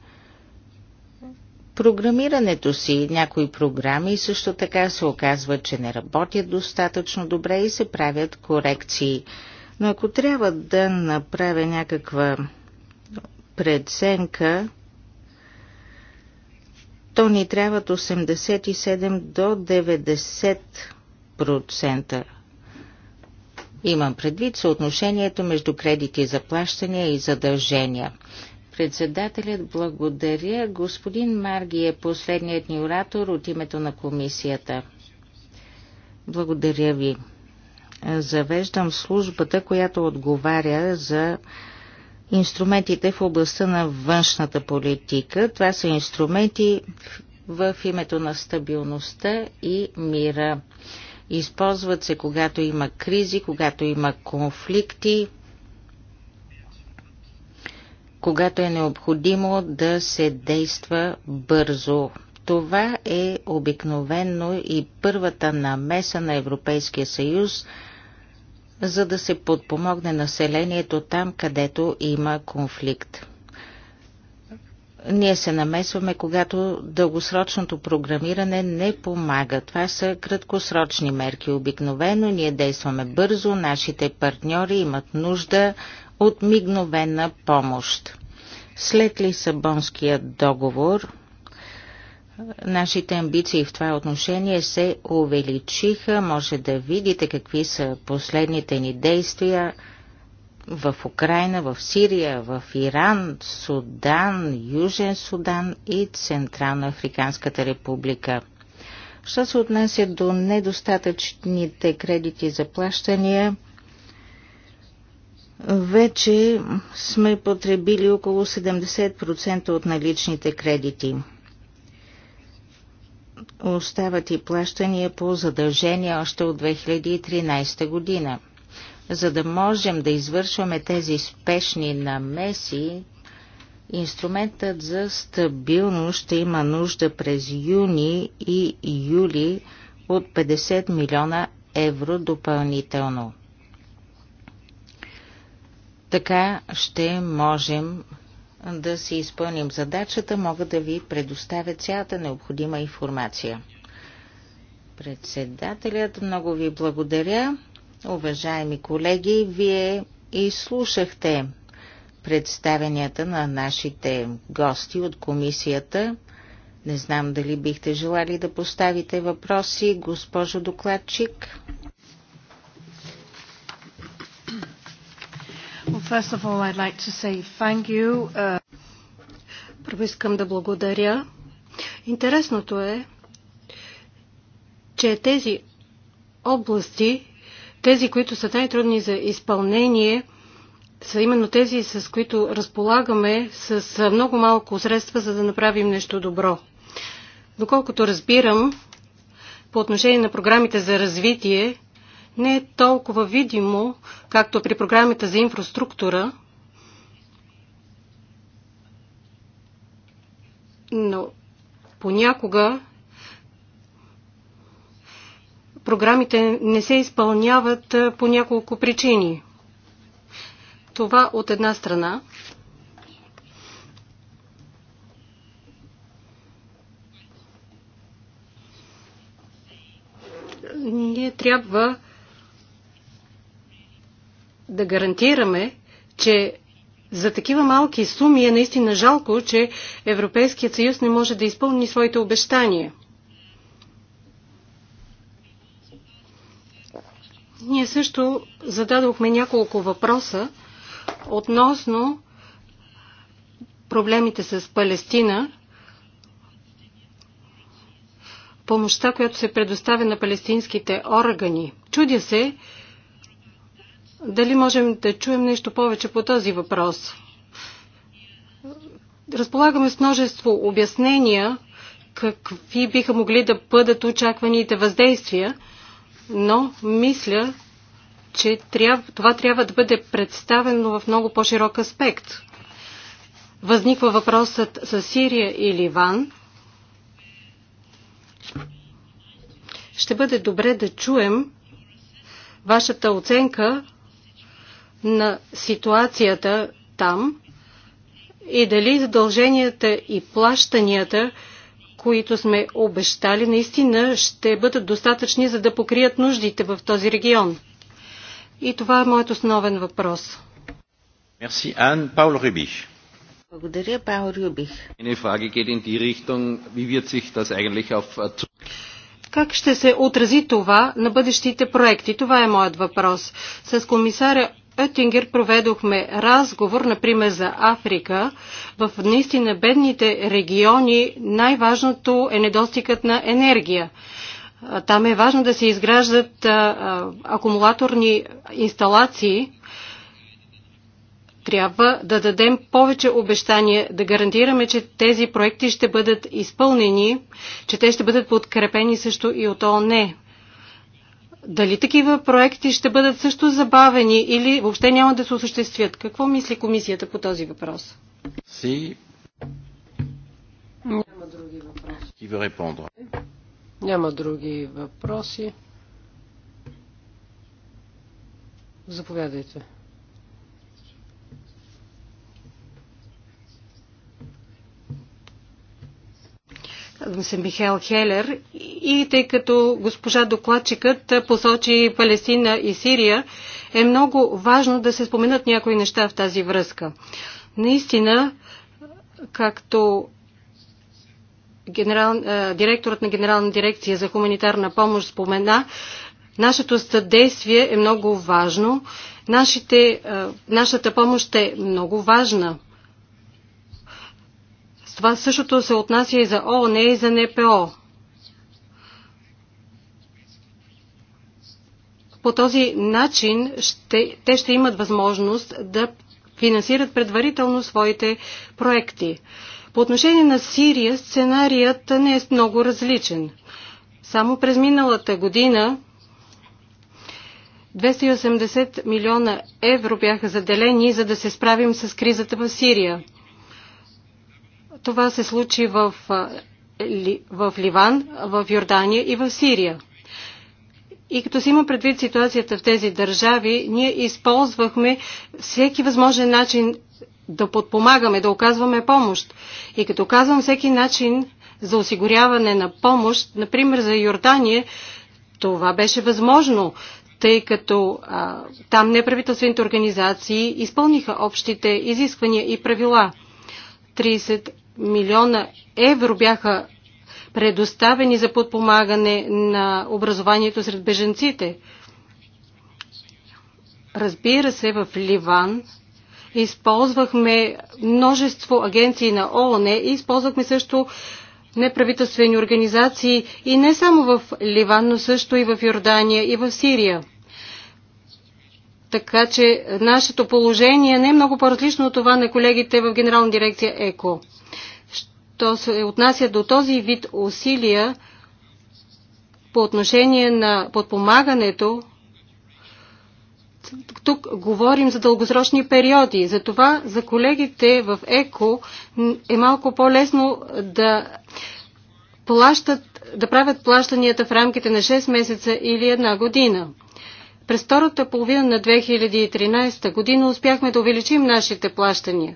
Speaker 1: програмирането си. Някои програми също така се оказва, че не работят достатъчно добре и се правят корекции. Но ако трябва да направя някаква преценка, то ни трябват 87 до 90%. Имам предвид съотношението между кредити за плащания и задължения. Председателят благодаря. Господин Марги е последният ни оратор от името на комисията. Благодаря ви. Завеждам службата, която отговаря за инструментите в областта на външната политика. Това са инструменти в името на стабилността и мира. Използват се, когато има кризи, когато има конфликти когато е необходимо да се действа бързо. Това е обикновенно и първата намеса на Европейския съюз, за да се подпомогне населението там, където има конфликт. Ние се намесваме, когато дългосрочното програмиране не помага. Това са краткосрочни мерки. Обикновено ние действаме бързо, нашите партньори имат нужда от мигновена помощ. След Лисабонския договор Нашите амбиции в това отношение се увеличиха. Може да видите какви са последните ни действия в Украина, в Сирия, в Иран, Судан, Южен Судан и Централна Африканската република. Що се отнася до недостатъчните кредити за плащания, вече сме потребили около 70% от наличните кредити. Остават и плащания по задължения още от 2013 година. За да можем да извършваме тези спешни намеси, инструментът за стабилност ще има нужда през юни и юли от 50 милиона евро допълнително. Така ще можем да си изпълним задачата, мога да ви предоставя цялата необходима информация. Председателят, много ви благодаря. Уважаеми колеги, вие изслушахте представенията на нашите гости от комисията. Не знам дали бихте желали да поставите въпроси, госпожо докладчик. First of
Speaker 3: all, I'd like to say thank you. Uh, Първо искам да благодаря. Интересното е, че тези области, тези, които са най-трудни за изпълнение, са именно тези, с които разполагаме с много малко средства, за да направим нещо добро. Доколкото разбирам, по отношение на програмите за развитие, не е толкова видимо, както при програмите за инфраструктура, но понякога програмите не се изпълняват по няколко причини. Това от една страна. Ние трябва да гарантираме, че за такива малки суми е наистина жалко, че Европейският съюз не може да изпълни своите обещания. Ние също зададохме няколко въпроса относно проблемите с Палестина, помощта, която се предоставя на палестинските органи. Чудя се дали можем да чуем нещо повече по този въпрос. Разполагаме с множество обяснения какви биха могли да бъдат очакваните въздействия, но мисля, че трябва, това трябва да бъде представено в много по-широк аспект. Възниква въпросът с Сирия и Ливан. Ще бъде добре да чуем вашата оценка на ситуацията там и дали задълженията и плащанията, които сме обещали, наистина ще бъдат достатъчни, за да покрият нуждите в този регион. И това е моят основен въпрос. Merci, Anne. Paul Благодаря, Паул Рюбих. Äh, как ще се отрази това на бъдещите проекти? Това е моят въпрос. С комисаря Етингер проведохме разговор, например, за Африка. В наистина бедните региони най-важното е недостигът на енергия. Там е важно да се изграждат акумулаторни инсталации. Трябва да дадем повече обещания, да гарантираме, че тези проекти ще бъдат изпълнени, че те ще бъдат подкрепени също и от ООН. Дали такива проекти ще бъдат също забавени или въобще няма да се осъществят? Какво мисли комисията по този въпрос? Си. Няма други въпроси.
Speaker 2: Няма други въпроси. Заповядайте.
Speaker 3: се Михаил Хелер и тъй като госпожа докладчикът посочи Палестина и Сирия, е много важно да се споменат някои неща в тази връзка. Наистина, както генерал, директорът на Генерална дирекция за хуманитарна помощ спомена, нашето съдействие е много важно. Нашите, нашата помощ е много важна. Това същото се отнася и за ООН и за НПО. По този начин ще, те ще имат възможност да финансират предварително своите проекти. По отношение на Сирия сценарият не е много различен. Само през миналата година 280 милиона евро бяха заделени, за да се справим с кризата в Сирия. Това се случи в, е, в Ливан, в Йордания и в Сирия. И като си има предвид ситуацията в тези държави, ние използвахме всеки възможен начин да подпомагаме, да оказваме помощ. И като казвам всеки начин за осигуряване на помощ, например за Йордания, това беше възможно, тъй като а, там неправителствените организации изпълниха общите изисквания и правила милиона евро бяха предоставени за подпомагане на образованието сред беженците. Разбира се, в Ливан използвахме множество агенции на ООН и използвахме също неправителствени организации и не само в Ливан, но също и в Йордания и в Сирия. Така че нашето положение не е много по-различно от това на колегите в Генерална дирекция ЕКО то се отнася до този вид усилия по отношение на подпомагането. Тук говорим за дългосрочни периоди. Затова за колегите в ЕКО е малко по-лесно да плащат, да правят плащанията в рамките на 6 месеца или една година. През втората половина на 2013 година успяхме да увеличим нашите плащания.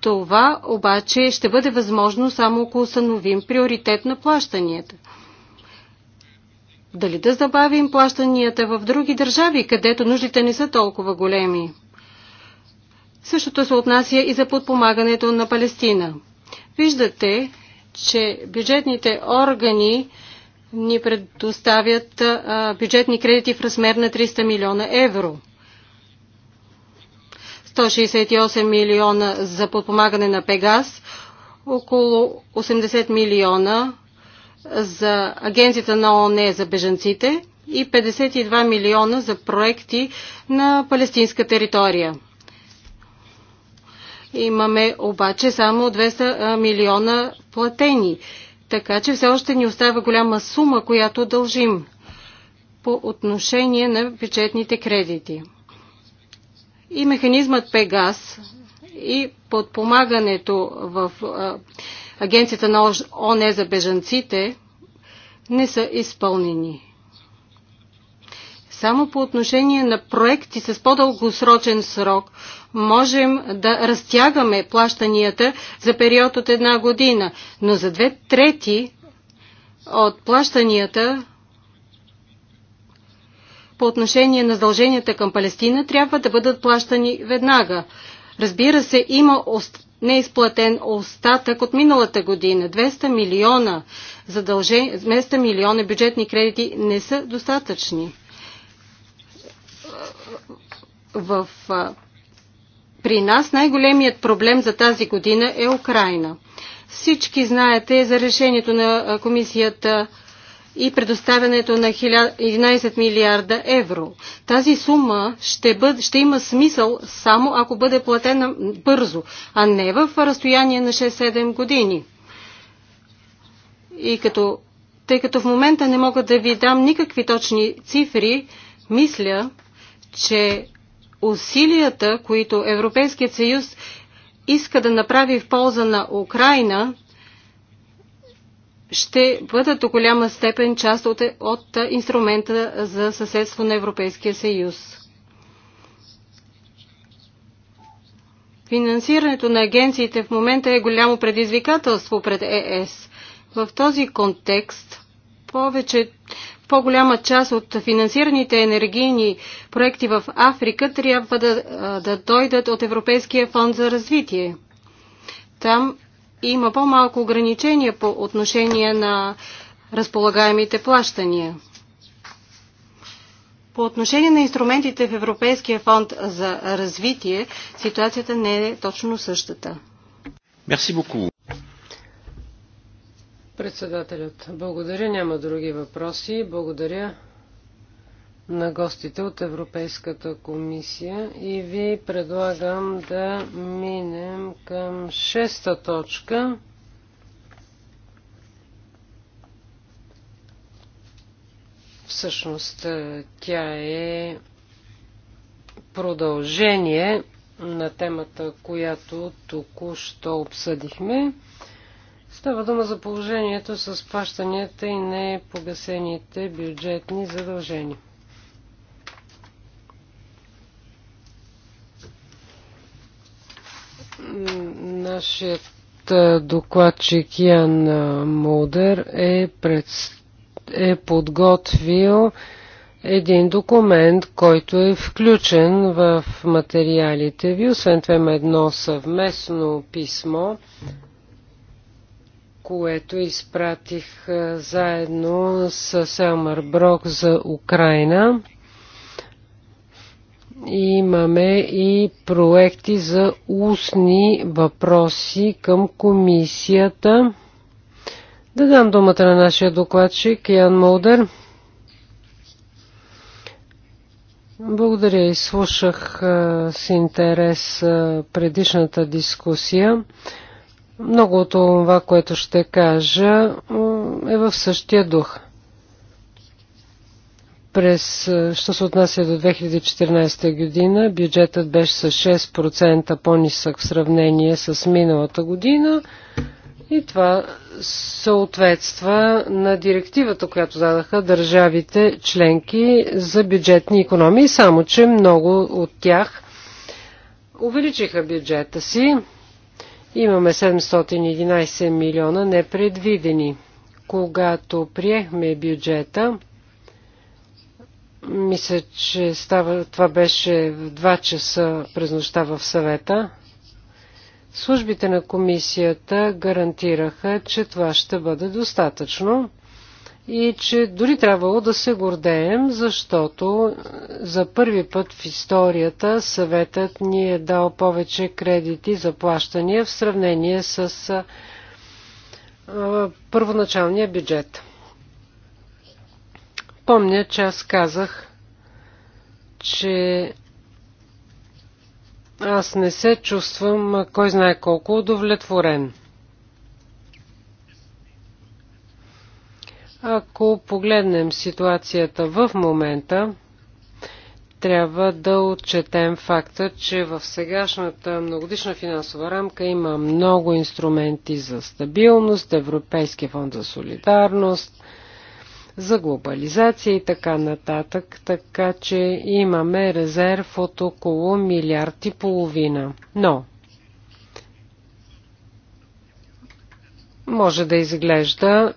Speaker 3: Това обаче ще бъде възможно само ако установим приоритет на плащанията. Дали да забавим плащанията в други държави, където нуждите не са толкова големи? Същото се отнася и за подпомагането на Палестина. Виждате, че бюджетните органи ни предоставят бюджетни кредити в размер на 300 милиона евро. 168 милиона за подпомагане на Пегас, около 80 милиона за Агенцията на ООН за бежанците и 52 милиона за проекти на палестинска територия. Имаме обаче само 200 милиона платени, така че все още ни остава голяма сума, която дължим по отношение на бюджетните кредити и механизмът Пегас и подпомагането в агенцията на ОНЕ за бежанците не са изпълнени. Само по отношение на проекти с по-дългосрочен срок можем да разтягаме плащанията за период от една година, но за две трети от плащанията по отношение на задълженията към Палестина трябва да бъдат плащани веднага. Разбира се, има неизплатен остатък от миналата година. 200 милиона, задължен... 200 милиона бюджетни кредити не са достатъчни. В... При нас най-големият проблем за тази година е Украина. Всички знаете за решението на комисията и предоставянето на 11 милиарда евро. Тази сума ще, бъд, ще има смисъл само ако бъде платена бързо, а не в разстояние на 6-7 години. И като, тъй като в момента не мога да ви дам никакви точни цифри, мисля, че усилията, които Европейският съюз иска да направи в полза на Украина, ще бъдат до голяма степен част от, от инструмента за съседство на Европейския съюз. Финансирането на агенциите в момента е голямо предизвикателство пред ЕС. В този контекст повече, по-голяма част от финансираните енергийни проекти в Африка трябва да, да дойдат от Европейския фонд за развитие. Там има по-малко ограничения по отношение на разполагаемите плащания. По отношение на инструментите в Европейския фонд за развитие, ситуацията не е точно същата. Мерси beaucoup.
Speaker 2: Председателят, благодаря. Няма други въпроси. Благодаря на гостите от Европейската комисия и ви предлагам да минем към шеста точка. Всъщност е, тя е продължение на темата, която току-що обсъдихме. Става дума за положението с плащанията и непогасените бюджетни задължения. Нашият докладчик Ян Мудър е, пред, е подготвил един документ, който е включен в материалите ви. Освен това има едно съвместно писмо, което изпратих заедно с Елмар Брок за Украина имаме и проекти за устни въпроси към комисията. Да дам думата на нашия докладчик Ян Молдер. Благодаря и слушах с интерес предишната дискусия. Много от това, което ще кажа, е в същия дух. През, що се отнася до 2014 година, бюджетът беше с 6% по-нисък в сравнение с миналата година. И това съответства на директивата, която дадаха държавите членки за бюджетни економии, само че много от тях увеличиха бюджета си. Имаме 711 милиона непредвидени. Когато приехме бюджета, мисля, че става, това беше в 2 часа през нощта в съвета. Службите на комисията гарантираха, че това ще бъде достатъчно и че дори трябвало да се гордеем, защото е, за първи път в историята съветът ни е дал повече кредити за плащания в сравнение с е, е, първоначалния бюджет спомня, че аз казах, че аз не се чувствам кой знае колко удовлетворен. Ако погледнем ситуацията в момента, трябва да отчетем факта, че в сегашната многодишна финансова рамка има много инструменти за стабилност, Европейския фонд за солидарност – за глобализация и така нататък, така че имаме резерв от около милиард и половина. Но може да изглежда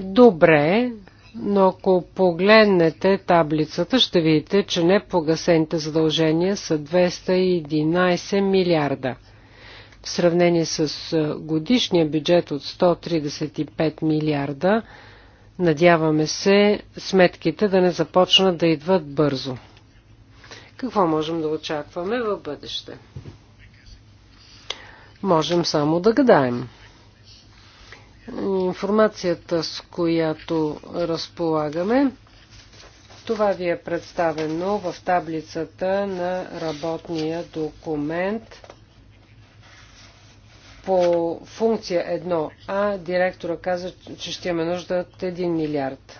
Speaker 2: добре, но ако погледнете таблицата, ще видите, че непогасените задължения са 211 милиарда. В сравнение с годишния бюджет от 135 милиарда, Надяваме се сметките да не започнат да идват бързо. Какво можем да очакваме в бъдеще? Можем само да гадаем. Информацията, с която разполагаме, това ви е представено в таблицата на работния документ по функция 1А директора каза, че ще имаме нужда от 1 милиард.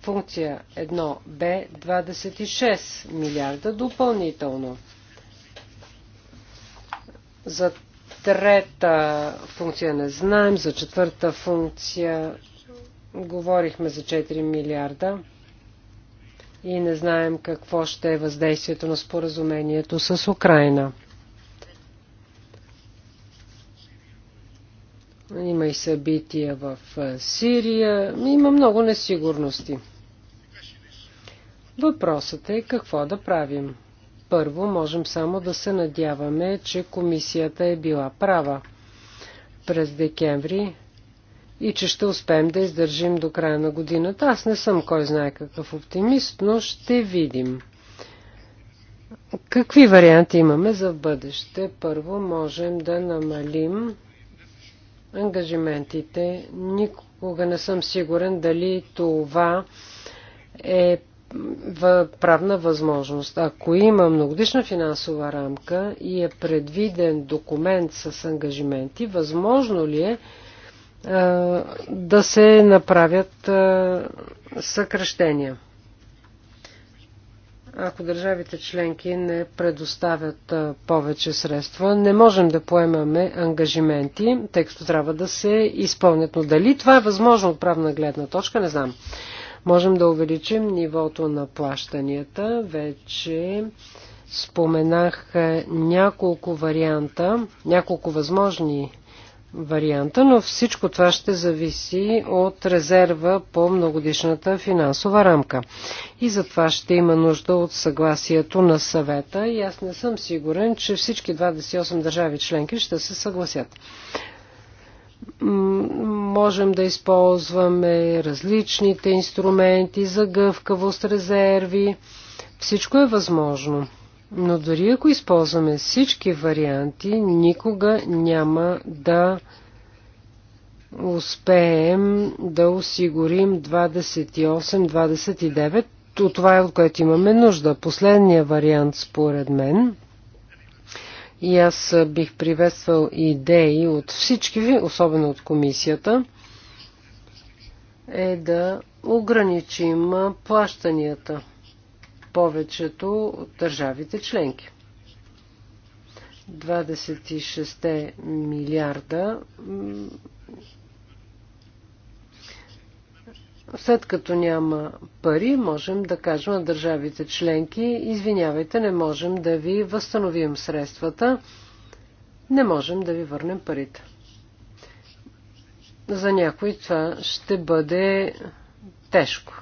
Speaker 2: Функция 1Б 26 милиарда допълнително. За трета функция не знаем, за четвърта функция говорихме за 4 милиарда и не знаем какво ще е въздействието на споразумението с Украина. Има и събития в Сирия. Има много несигурности. Въпросът е какво да правим. Първо, можем само да се надяваме, че комисията е била права през декември и че ще успеем да издържим до края на годината. Аз не съм кой знае какъв оптимист, но ще видим. Какви варианти имаме за бъдеще? Първо можем да намалим ангажиментите. Никога не съм сигурен дали това е правна възможност. Ако има многодишна финансова рамка и е предвиден документ с ангажименти, възможно ли е да се направят съкръщения? ако държавите членки не предоставят повече средства, не можем да поемаме ангажименти, тъй като трябва да се изпълнят. Но дали това е възможно от правна гледна точка, не знам. Можем да увеличим нивото на плащанията. Вече споменах няколко варианта, няколко възможни варианта, но всичко това ще зависи от резерва по многодишната финансова рамка. И за това ще има нужда от съгласието на съвета и аз не съм сигурен, че всички 28 държави членки ще се съгласят. Можем да използваме различните инструменти за гъвкавост, резерви. Всичко е възможно. Но дори ако използваме всички варианти, никога няма да успеем да осигурим 28-29. това е от което имаме нужда. Последния вариант според мен. И аз бих приветствал идеи от всички ви, особено от комисията, е да ограничим плащанията повечето от държавите членки. 26 милиарда след като няма пари, можем да кажем на държавите членки, извинявайте, не можем да ви възстановим средствата, не можем да ви върнем парите. За някои това ще бъде тежко.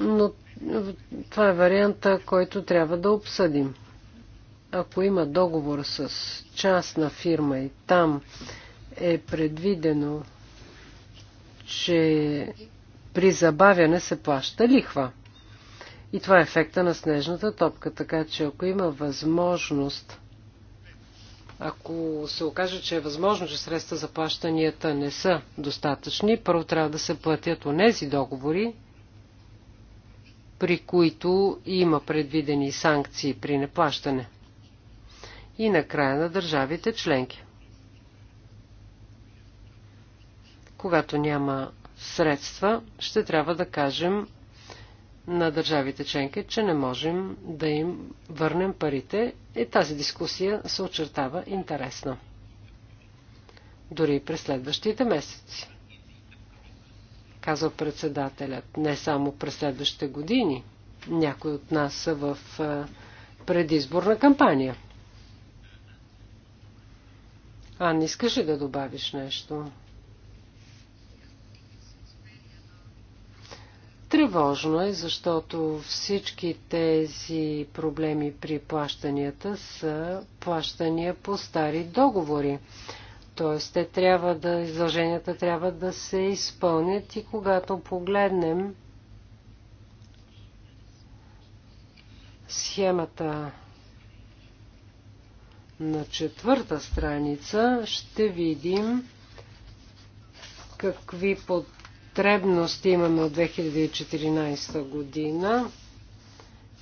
Speaker 2: Но това е варианта, който трябва да обсъдим. Ако има договор с частна фирма и там е предвидено, че при забавяне се плаща лихва. И това е ефекта на снежната топка, така че ако има възможност, ако се окаже, че е възможно, че средства за плащанията не са достатъчни, първо трябва да се платят нези договори, при които има предвидени санкции при неплащане. И накрая на държавите членки. Когато няма средства, ще трябва да кажем на държавите членки, че не можем да им върнем парите и тази дискусия се очертава интересна. Дори и през следващите месеци казва председателят. Не само през следващите години. Някои от нас са в е, предизборна кампания. А, не искаш ли да добавиш нещо? Тревожно е, защото всички тези проблеми при плащанията са плащания по стари договори. Тоест, те трябва да, изложенията трябва да се изпълнят и когато погледнем схемата на четвърта страница, ще видим какви потребности имаме от 2014 година.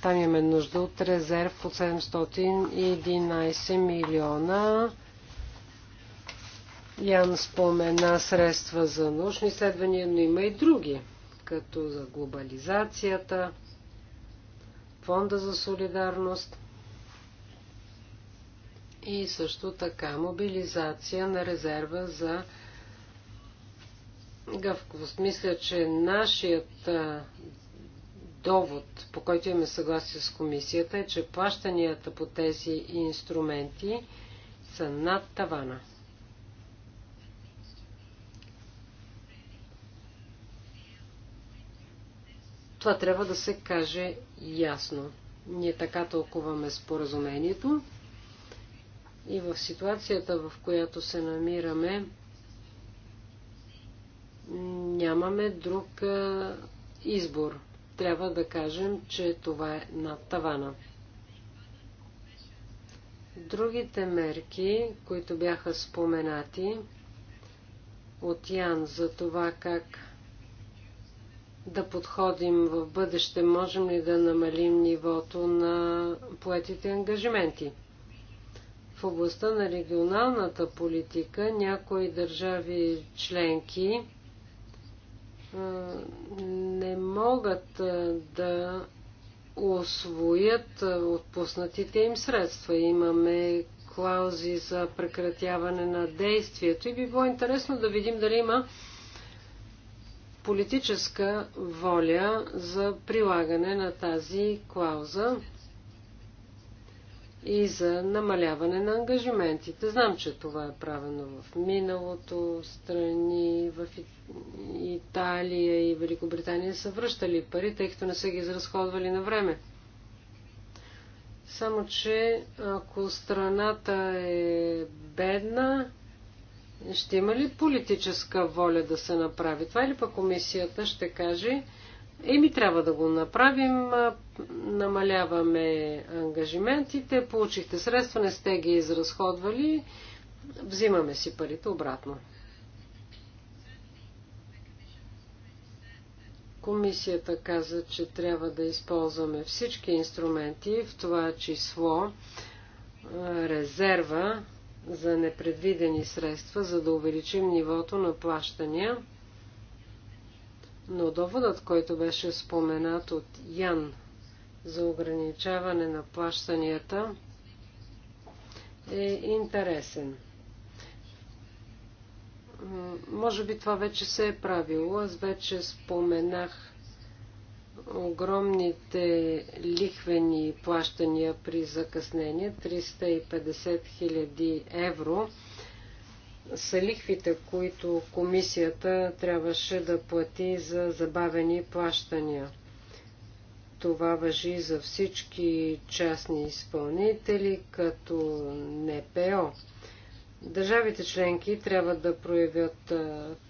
Speaker 2: Там имаме нужда от резерв от 711 милиона Ян спомена средства за научни изследвания, но има и други, като за глобализацията, фонда за солидарност и също така мобилизация на резерва за гъвкавост. Мисля, че нашият довод, по който имаме съгласие с комисията, е, че плащанията по тези инструменти са над тавана. Това трябва да се каже ясно. Ние така тълкуваме споразумението и в ситуацията, в която се намираме, нямаме друг избор. Трябва да кажем, че това е над тавана. Другите мерки, които бяха споменати от Ян за това как да подходим в бъдеще? Можем ли да намалим нивото на поетите ангажименти? В областта на регионалната политика някои държави членки не могат да освоят отпуснатите им средства. Имаме клаузи за прекратяване на действието и би било интересно да видим дали има политическа воля за прилагане на тази клауза и за намаляване на ангажиментите. Знам, че това е правено в миналото, страни в Италия и Великобритания са връщали пари, тъй като не са ги изразходвали на време. Само, че ако страната е бедна, ще има ли политическа воля да се направи това или пък комисията ще каже, еми трябва да го направим, намаляваме ангажиментите, получихте средства, не сте ги изразходвали, взимаме си парите обратно. Комисията каза, че трябва да използваме всички инструменти, в това число резерва за непредвидени средства, за да увеличим нивото на плащания. Но доводът, който беше споменат от Ян за ограничаване на плащанията, е интересен. Може би това вече се е правило. Аз вече споменах огромните лихвени плащания при закъснение 350 000 евро са лихвите, които комисията трябваше да плати за забавени плащания. Това въжи за всички частни изпълнители, като НПО. Държавите членки трябва да проявят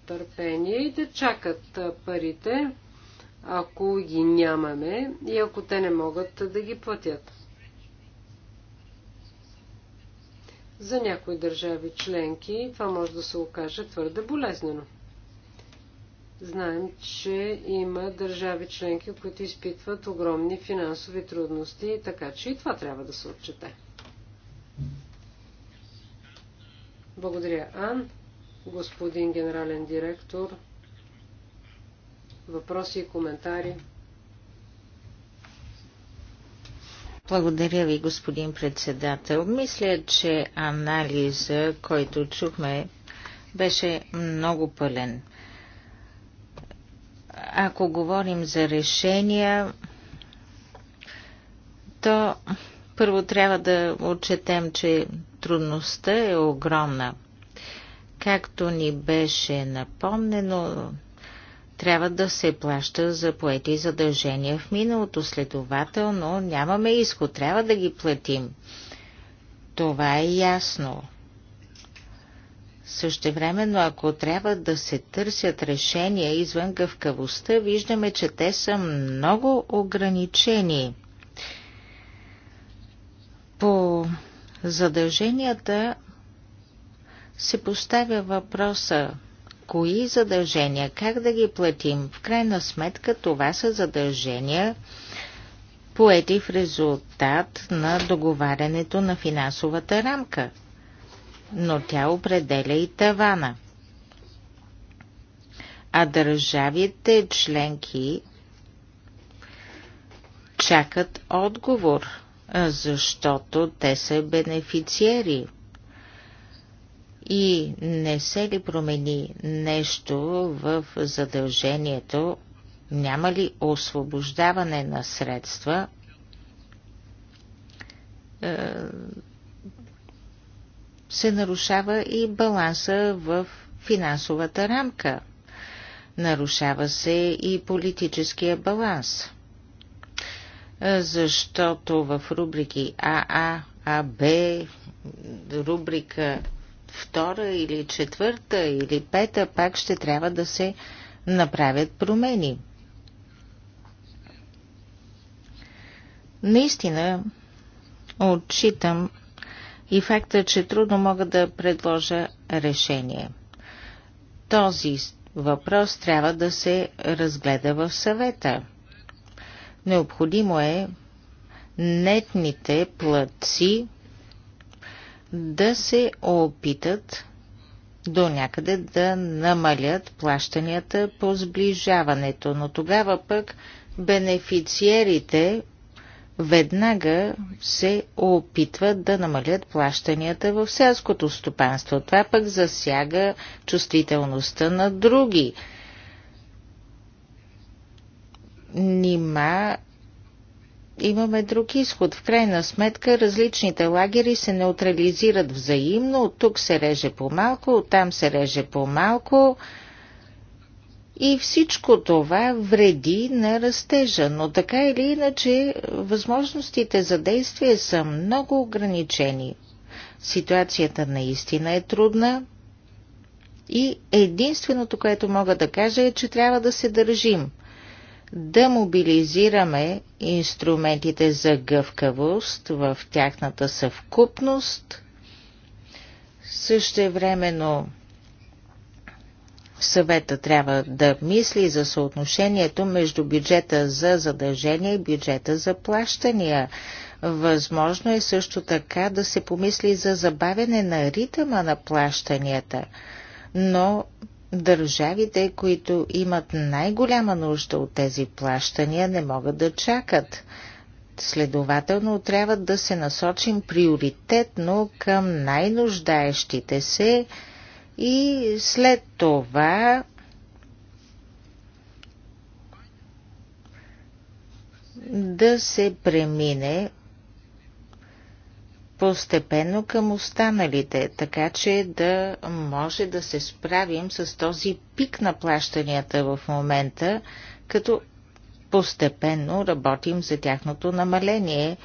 Speaker 2: търпение и да чакат парите, ако ги нямаме и ако те не могат да ги платят. За някои държави членки това може да се окаже твърде болезнено. Знаем, че има държави членки, които изпитват огромни финансови трудности, така че и това трябва да се отчете. Благодаря, Ан. Господин генерален директор, Въпроси и коментари?
Speaker 1: Благодаря ви, господин председател. Мисля, че анализа, който чухме, беше много пълен. Ако говорим за решения, то първо трябва да отчетем, че трудността е огромна. Както ни беше напомнено, трябва да се плаща за поети задължения в миналото. Следователно нямаме изход, трябва да ги платим. Това е ясно. Същевременно, ако трябва да се търсят решения извън гъвкавостта, виждаме, че те са много ограничени. По задълженията се поставя въпроса кои задължения, как да ги платим. В крайна сметка това са задължения, поети в резултат на договарянето на финансовата рамка, но тя определя и тавана. А държавите членки чакат отговор, защото те са бенефициери – и не се ли промени нещо в задължението? Няма ли освобождаване на средства? Е, се нарушава и баланса в финансовата рамка. Нарушава се и политическия баланс. Е, защото в рубрики АА, АБ, рубрика втора или четвърта или пета пак ще трябва да се направят промени. Наистина отчитам и факта, че трудно мога да предложа решение. Този въпрос трябва да се разгледа в съвета. Необходимо е нетните платци да се опитат до някъде да намалят плащанията по сближаването, но тогава пък бенефициерите веднага се опитват да намалят плащанията в селското стопанство. Това пък засяга чувствителността на други. Нима имаме друг изход. В крайна сметка различните лагери се неутрализират взаимно, от тук се реже по-малко, от там се реже по-малко. И всичко това вреди на растежа, но така или иначе възможностите за действие са много ограничени. Ситуацията наистина е трудна и единственото, което мога да кажа е, че трябва да се държим – да мобилизираме инструментите за гъвкавост в тяхната съвкупност. Същевременно съвета трябва да мисли за съотношението между бюджета за задължения и бюджета за плащания. Възможно е също така да се помисли за забавяне на ритъма на плащанията, но Държавите, които имат най-голяма нужда от тези плащания, не могат да чакат. Следователно трябва да се насочим приоритетно към най-нуждаещите се и след това да се премине постепенно към останалите, така че да може да се справим с този пик на плащанията в момента, като постепенно работим за тяхното намаление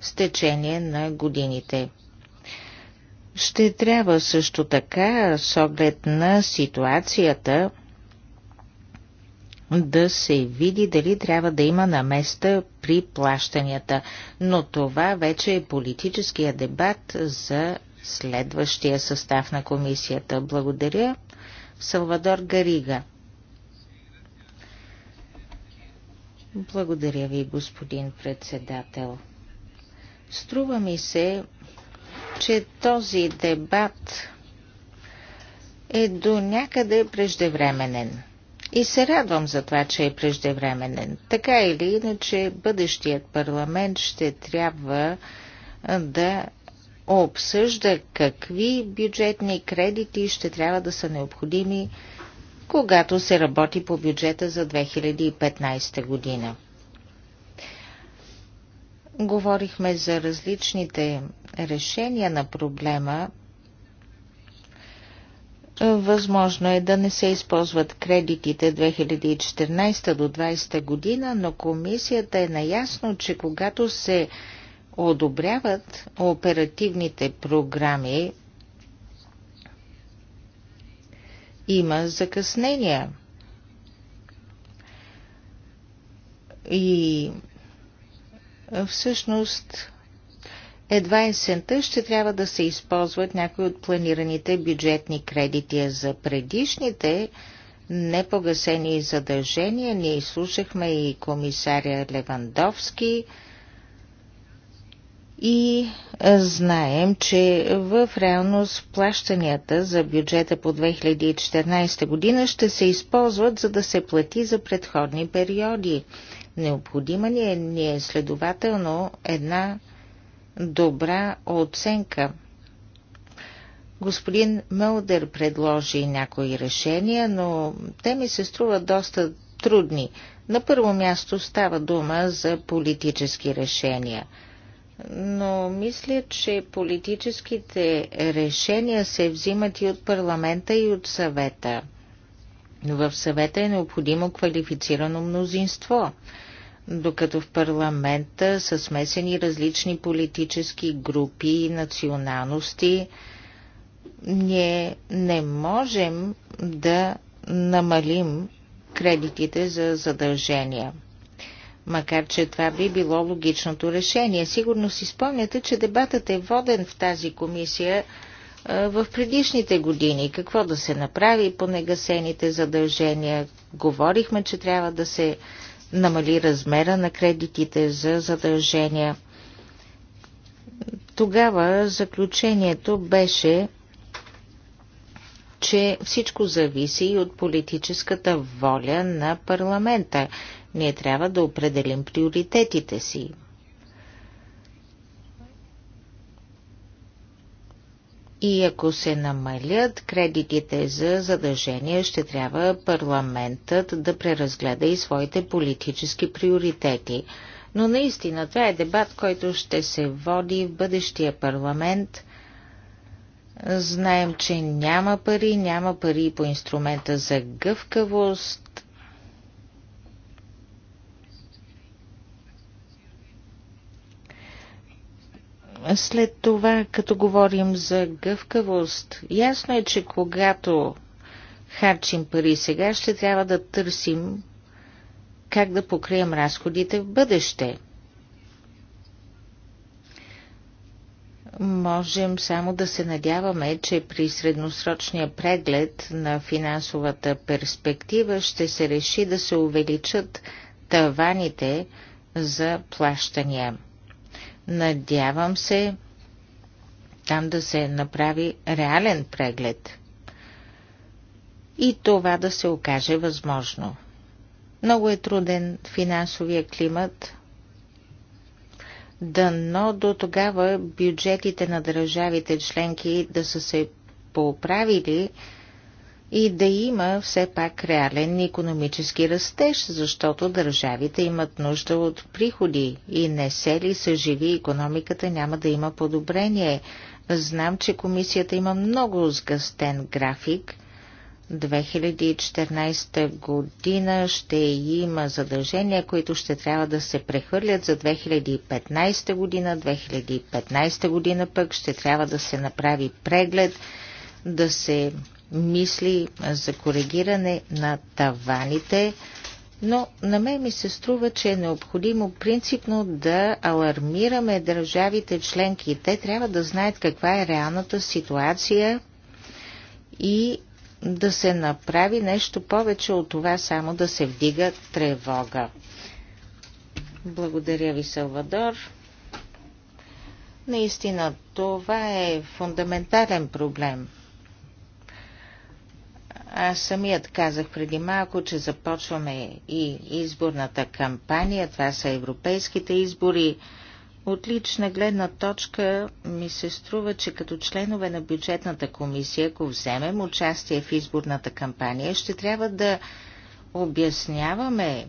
Speaker 1: с течение на годините. Ще трябва също така, с оглед на ситуацията, да се види дали трябва да има наместа при плащанията. Но това вече е политическия дебат за следващия състав на комисията. Благодаря. Салвадор Гарига. Благодаря ви, господин председател. Струва ми се, че този дебат е до някъде преждевременен. И се радвам за това, че е преждевременен. Така или иначе, бъдещият парламент ще трябва да обсъжда какви бюджетни кредити ще трябва да са необходими, когато се работи по бюджета за 2015 година. Говорихме за различните решения на проблема Възможно е да не се използват кредитите 2014 до 2020 година, но комисията е наясно, че когато се одобряват оперативните програми, има закъснения. И всъщност едва е есента ще трябва да се използват някои от планираните бюджетни кредити за предишните непогасени задължения. Ние слушахме и комисаря Левандовски и знаем, че в реалност плащанията за бюджета по 2014 година ще се използват, за да се плати за предходни периоди. Необходима ни е, ни е следователно една добра оценка. Господин Мълдер предложи някои решения, но те ми се струват доста трудни. На първо място става дума за политически решения. Но мисля, че политическите решения се взимат и от парламента, и от съвета. В съвета е необходимо квалифицирано мнозинство докато в парламента са смесени различни политически групи и националности, ние не можем да намалим кредитите за задължения. Макар, че това би било логичното решение. Сигурно си спомняте, че дебатът е воден в тази комисия в предишните години. Какво да се направи по негасените задължения? Говорихме, че трябва да се намали размера на кредитите за задължения. Тогава заключението беше, че всичко зависи и от политическата воля на парламента. Ние трябва да определим приоритетите си. И ако се намалят кредитите за задължения, ще трябва парламентът да преразгледа и своите политически приоритети. Но наистина това е дебат, който ще се води в бъдещия парламент. Знаем, че няма пари, няма пари по инструмента за гъвкавост, След това, като говорим за гъвкавост, ясно е, че когато харчим пари сега, ще трябва да търсим как да покрием разходите в бъдеще. Можем само да се надяваме, че при средносрочния преглед на финансовата перспектива ще се реши да се увеличат таваните за плащания. Надявам се там да се направи реален преглед и това да се окаже възможно. Много е труден финансовия климат. Да, но до тогава бюджетите на държавите членки да са се поправили и да има все пак реален економически растеж, защото държавите имат нужда от приходи и не се ли съживи економиката няма да има подобрение. Знам, че комисията има много сгъстен график. 2014 година ще има задължения, които ще трябва да се прехвърлят за 2015 година. 2015 година пък ще трябва да се направи преглед, да се мисли за коригиране на таваните, но на мен ми се струва, че е необходимо принципно да алармираме държавите членки. Те трябва да знаят каква е реалната ситуация и да се направи нещо повече от това, само да се вдига тревога. Благодаря ви, Салвадор. Наистина, това е фундаментален проблем. Аз самият казах преди малко, че започваме и изборната кампания. Това са европейските избори. От лична гледна точка ми се струва, че като членове на бюджетната комисия, ако вземем участие в изборната кампания, ще трябва да обясняваме,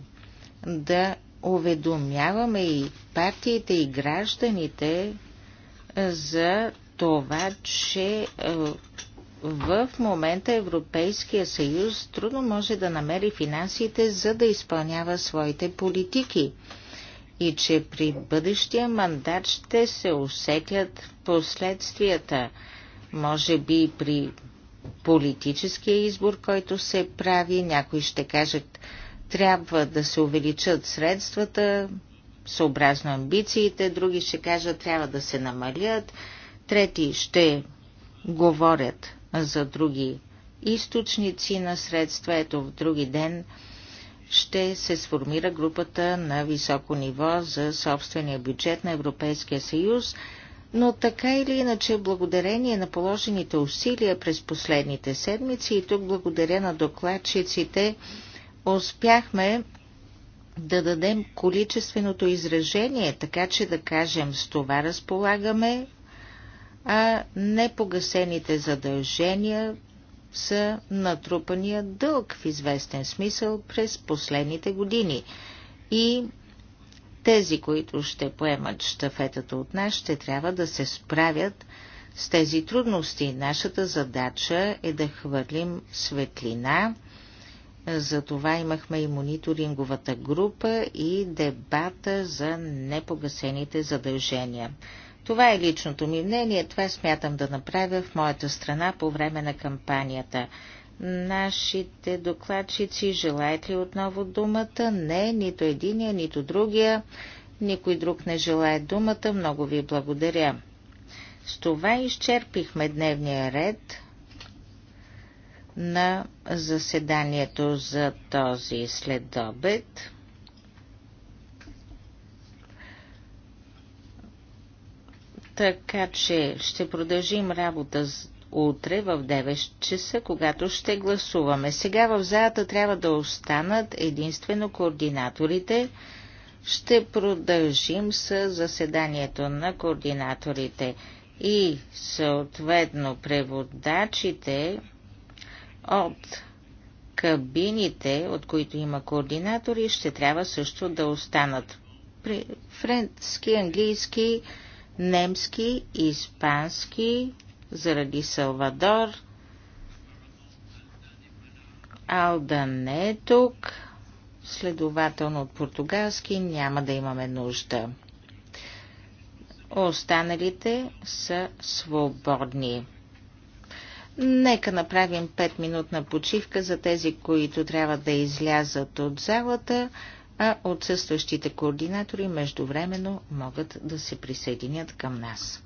Speaker 1: да уведомяваме и партиите и гражданите за това, че е, в момента Европейския съюз трудно може да намери финансите, за да изпълнява своите политики и че при бъдещия мандат ще се усетят последствията, може би при политическия избор, който се прави, някои ще кажат, трябва да се увеличат средствата, съобразно амбициите, други ще кажат, трябва да се намалят, трети ще говорят за други източници на средства. Ето в други ден ще се сформира групата на високо ниво за собствения бюджет на Европейския съюз, но така или иначе, благодарение на положените усилия през последните седмици и тук благодаря на докладчиците, успяхме да дадем количественото изражение, така че да кажем с това разполагаме, а непогасените задължения са натрупания дълг в известен смисъл през последните години. И тези, които ще поемат штафетата от нас, ще трябва да се справят с тези трудности. Нашата задача е да хвърлим светлина. За това имахме и мониторинговата група и дебата за непогасените задължения. Това е личното ми мнение, това смятам да направя в моята страна по време на кампанията. Нашите докладчици желаят ли отново думата? Не, нито единия, нито другия. Никой друг не желая думата. Много ви благодаря. С това изчерпихме дневния ред на заседанието за този следобед. Така че ще продължим работа утре в 9 часа, когато ще гласуваме. Сега в залата трябва да останат единствено координаторите. Ще продължим с заседанието на координаторите и съответно преводачите от кабините, от които има координатори, ще трябва също да останат. Френски, английски, немски, испански, заради Салвадор. Алда не е тук, следователно от португалски няма да имаме нужда. Останалите са свободни. Нека направим 5-минутна почивка за тези, които трябва да излязат от залата а отсъстващите координатори междувременно могат да се присъединят към нас.